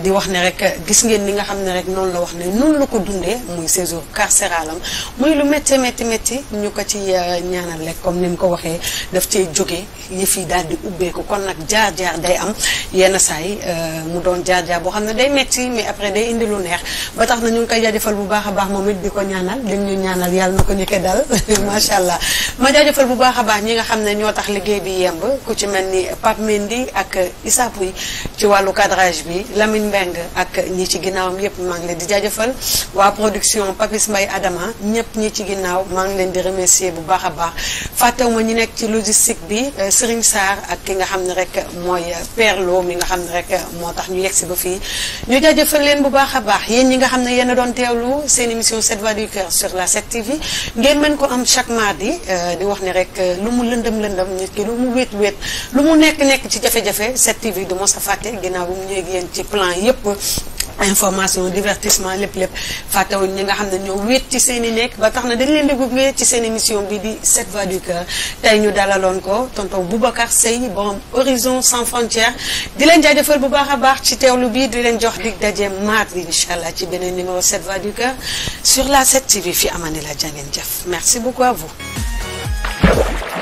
di wax ne rek gis ngeen li nga xam ne rek noonu la wax ne noonu la ko dundee muy séjour carcéral am muy lu métti métti métti ñu ko ci euh, ñaanal rek comme ni mu ko waxee daf cee jógee yëf yi daal di ubbeeku kon nag jaar-jaar day am yenn saa yi euh, mu doon jaar-jaar boo xam ne day métti mais après day indi lu neex ba tax na ñu ngi koy jaajëfal bu baax a baax moom it di ko ñaanal lim ñu ñaanal yàlla na ko ñu koy dal macha allah ma jaajëfal bu baax a baax ñi nga xam ne ñoo tax liggéey bi yemb ku ci mel ni Pape Mendy ak Issa Pouye ci wàllu cadrage bi Lamine Mbengue ak ñi ci ginnaaw ginnaawam yëpp maa ngi leen di jaajëfal waa production Papis Mbaye Adama ñëpp ñi ci ginnaaw maa ngi leen di remercier bu baax a baax fàttewuma ñu nekk ci logistique bi euh, Serigne Sarr ak ki nga xam ne rek mooy euh, Perlo mi nga xam ne rek euh, moo tax ñu yegg si ba fii ñu jaajëfal leen bu baax a baax yéen ñi nga xam ne yéen a doon teewlu seen émission 7 voix du sur la 7 TV ngeen mën ko am chaque mardi di wax ni rek lu mu lëndëm lëndëm nit ki lu mu wéet wéet lu mu nekk nekk ci jafe-jafe du mos a fàtte ginnaaw bu mu ñëwee yéen yëpp information divertissement lépp lépp fàttewuñ ñi nga xam ne ñoo wéet ci seen i nekk ba tax na dañ leen di gunge ci seen émission bi di 7 voix du cœur tey ñu dalaloon ko tonton Boubacar Seye bon horizon sans frontières di leen jaajëfal bu baax a baax ci teewlu bi di leen jox dig daje mardi incha allah ci beneen numéro 7 voix du cœur sur la 7 TV fi amane la jàngeen jëf merci beaucoup à vous.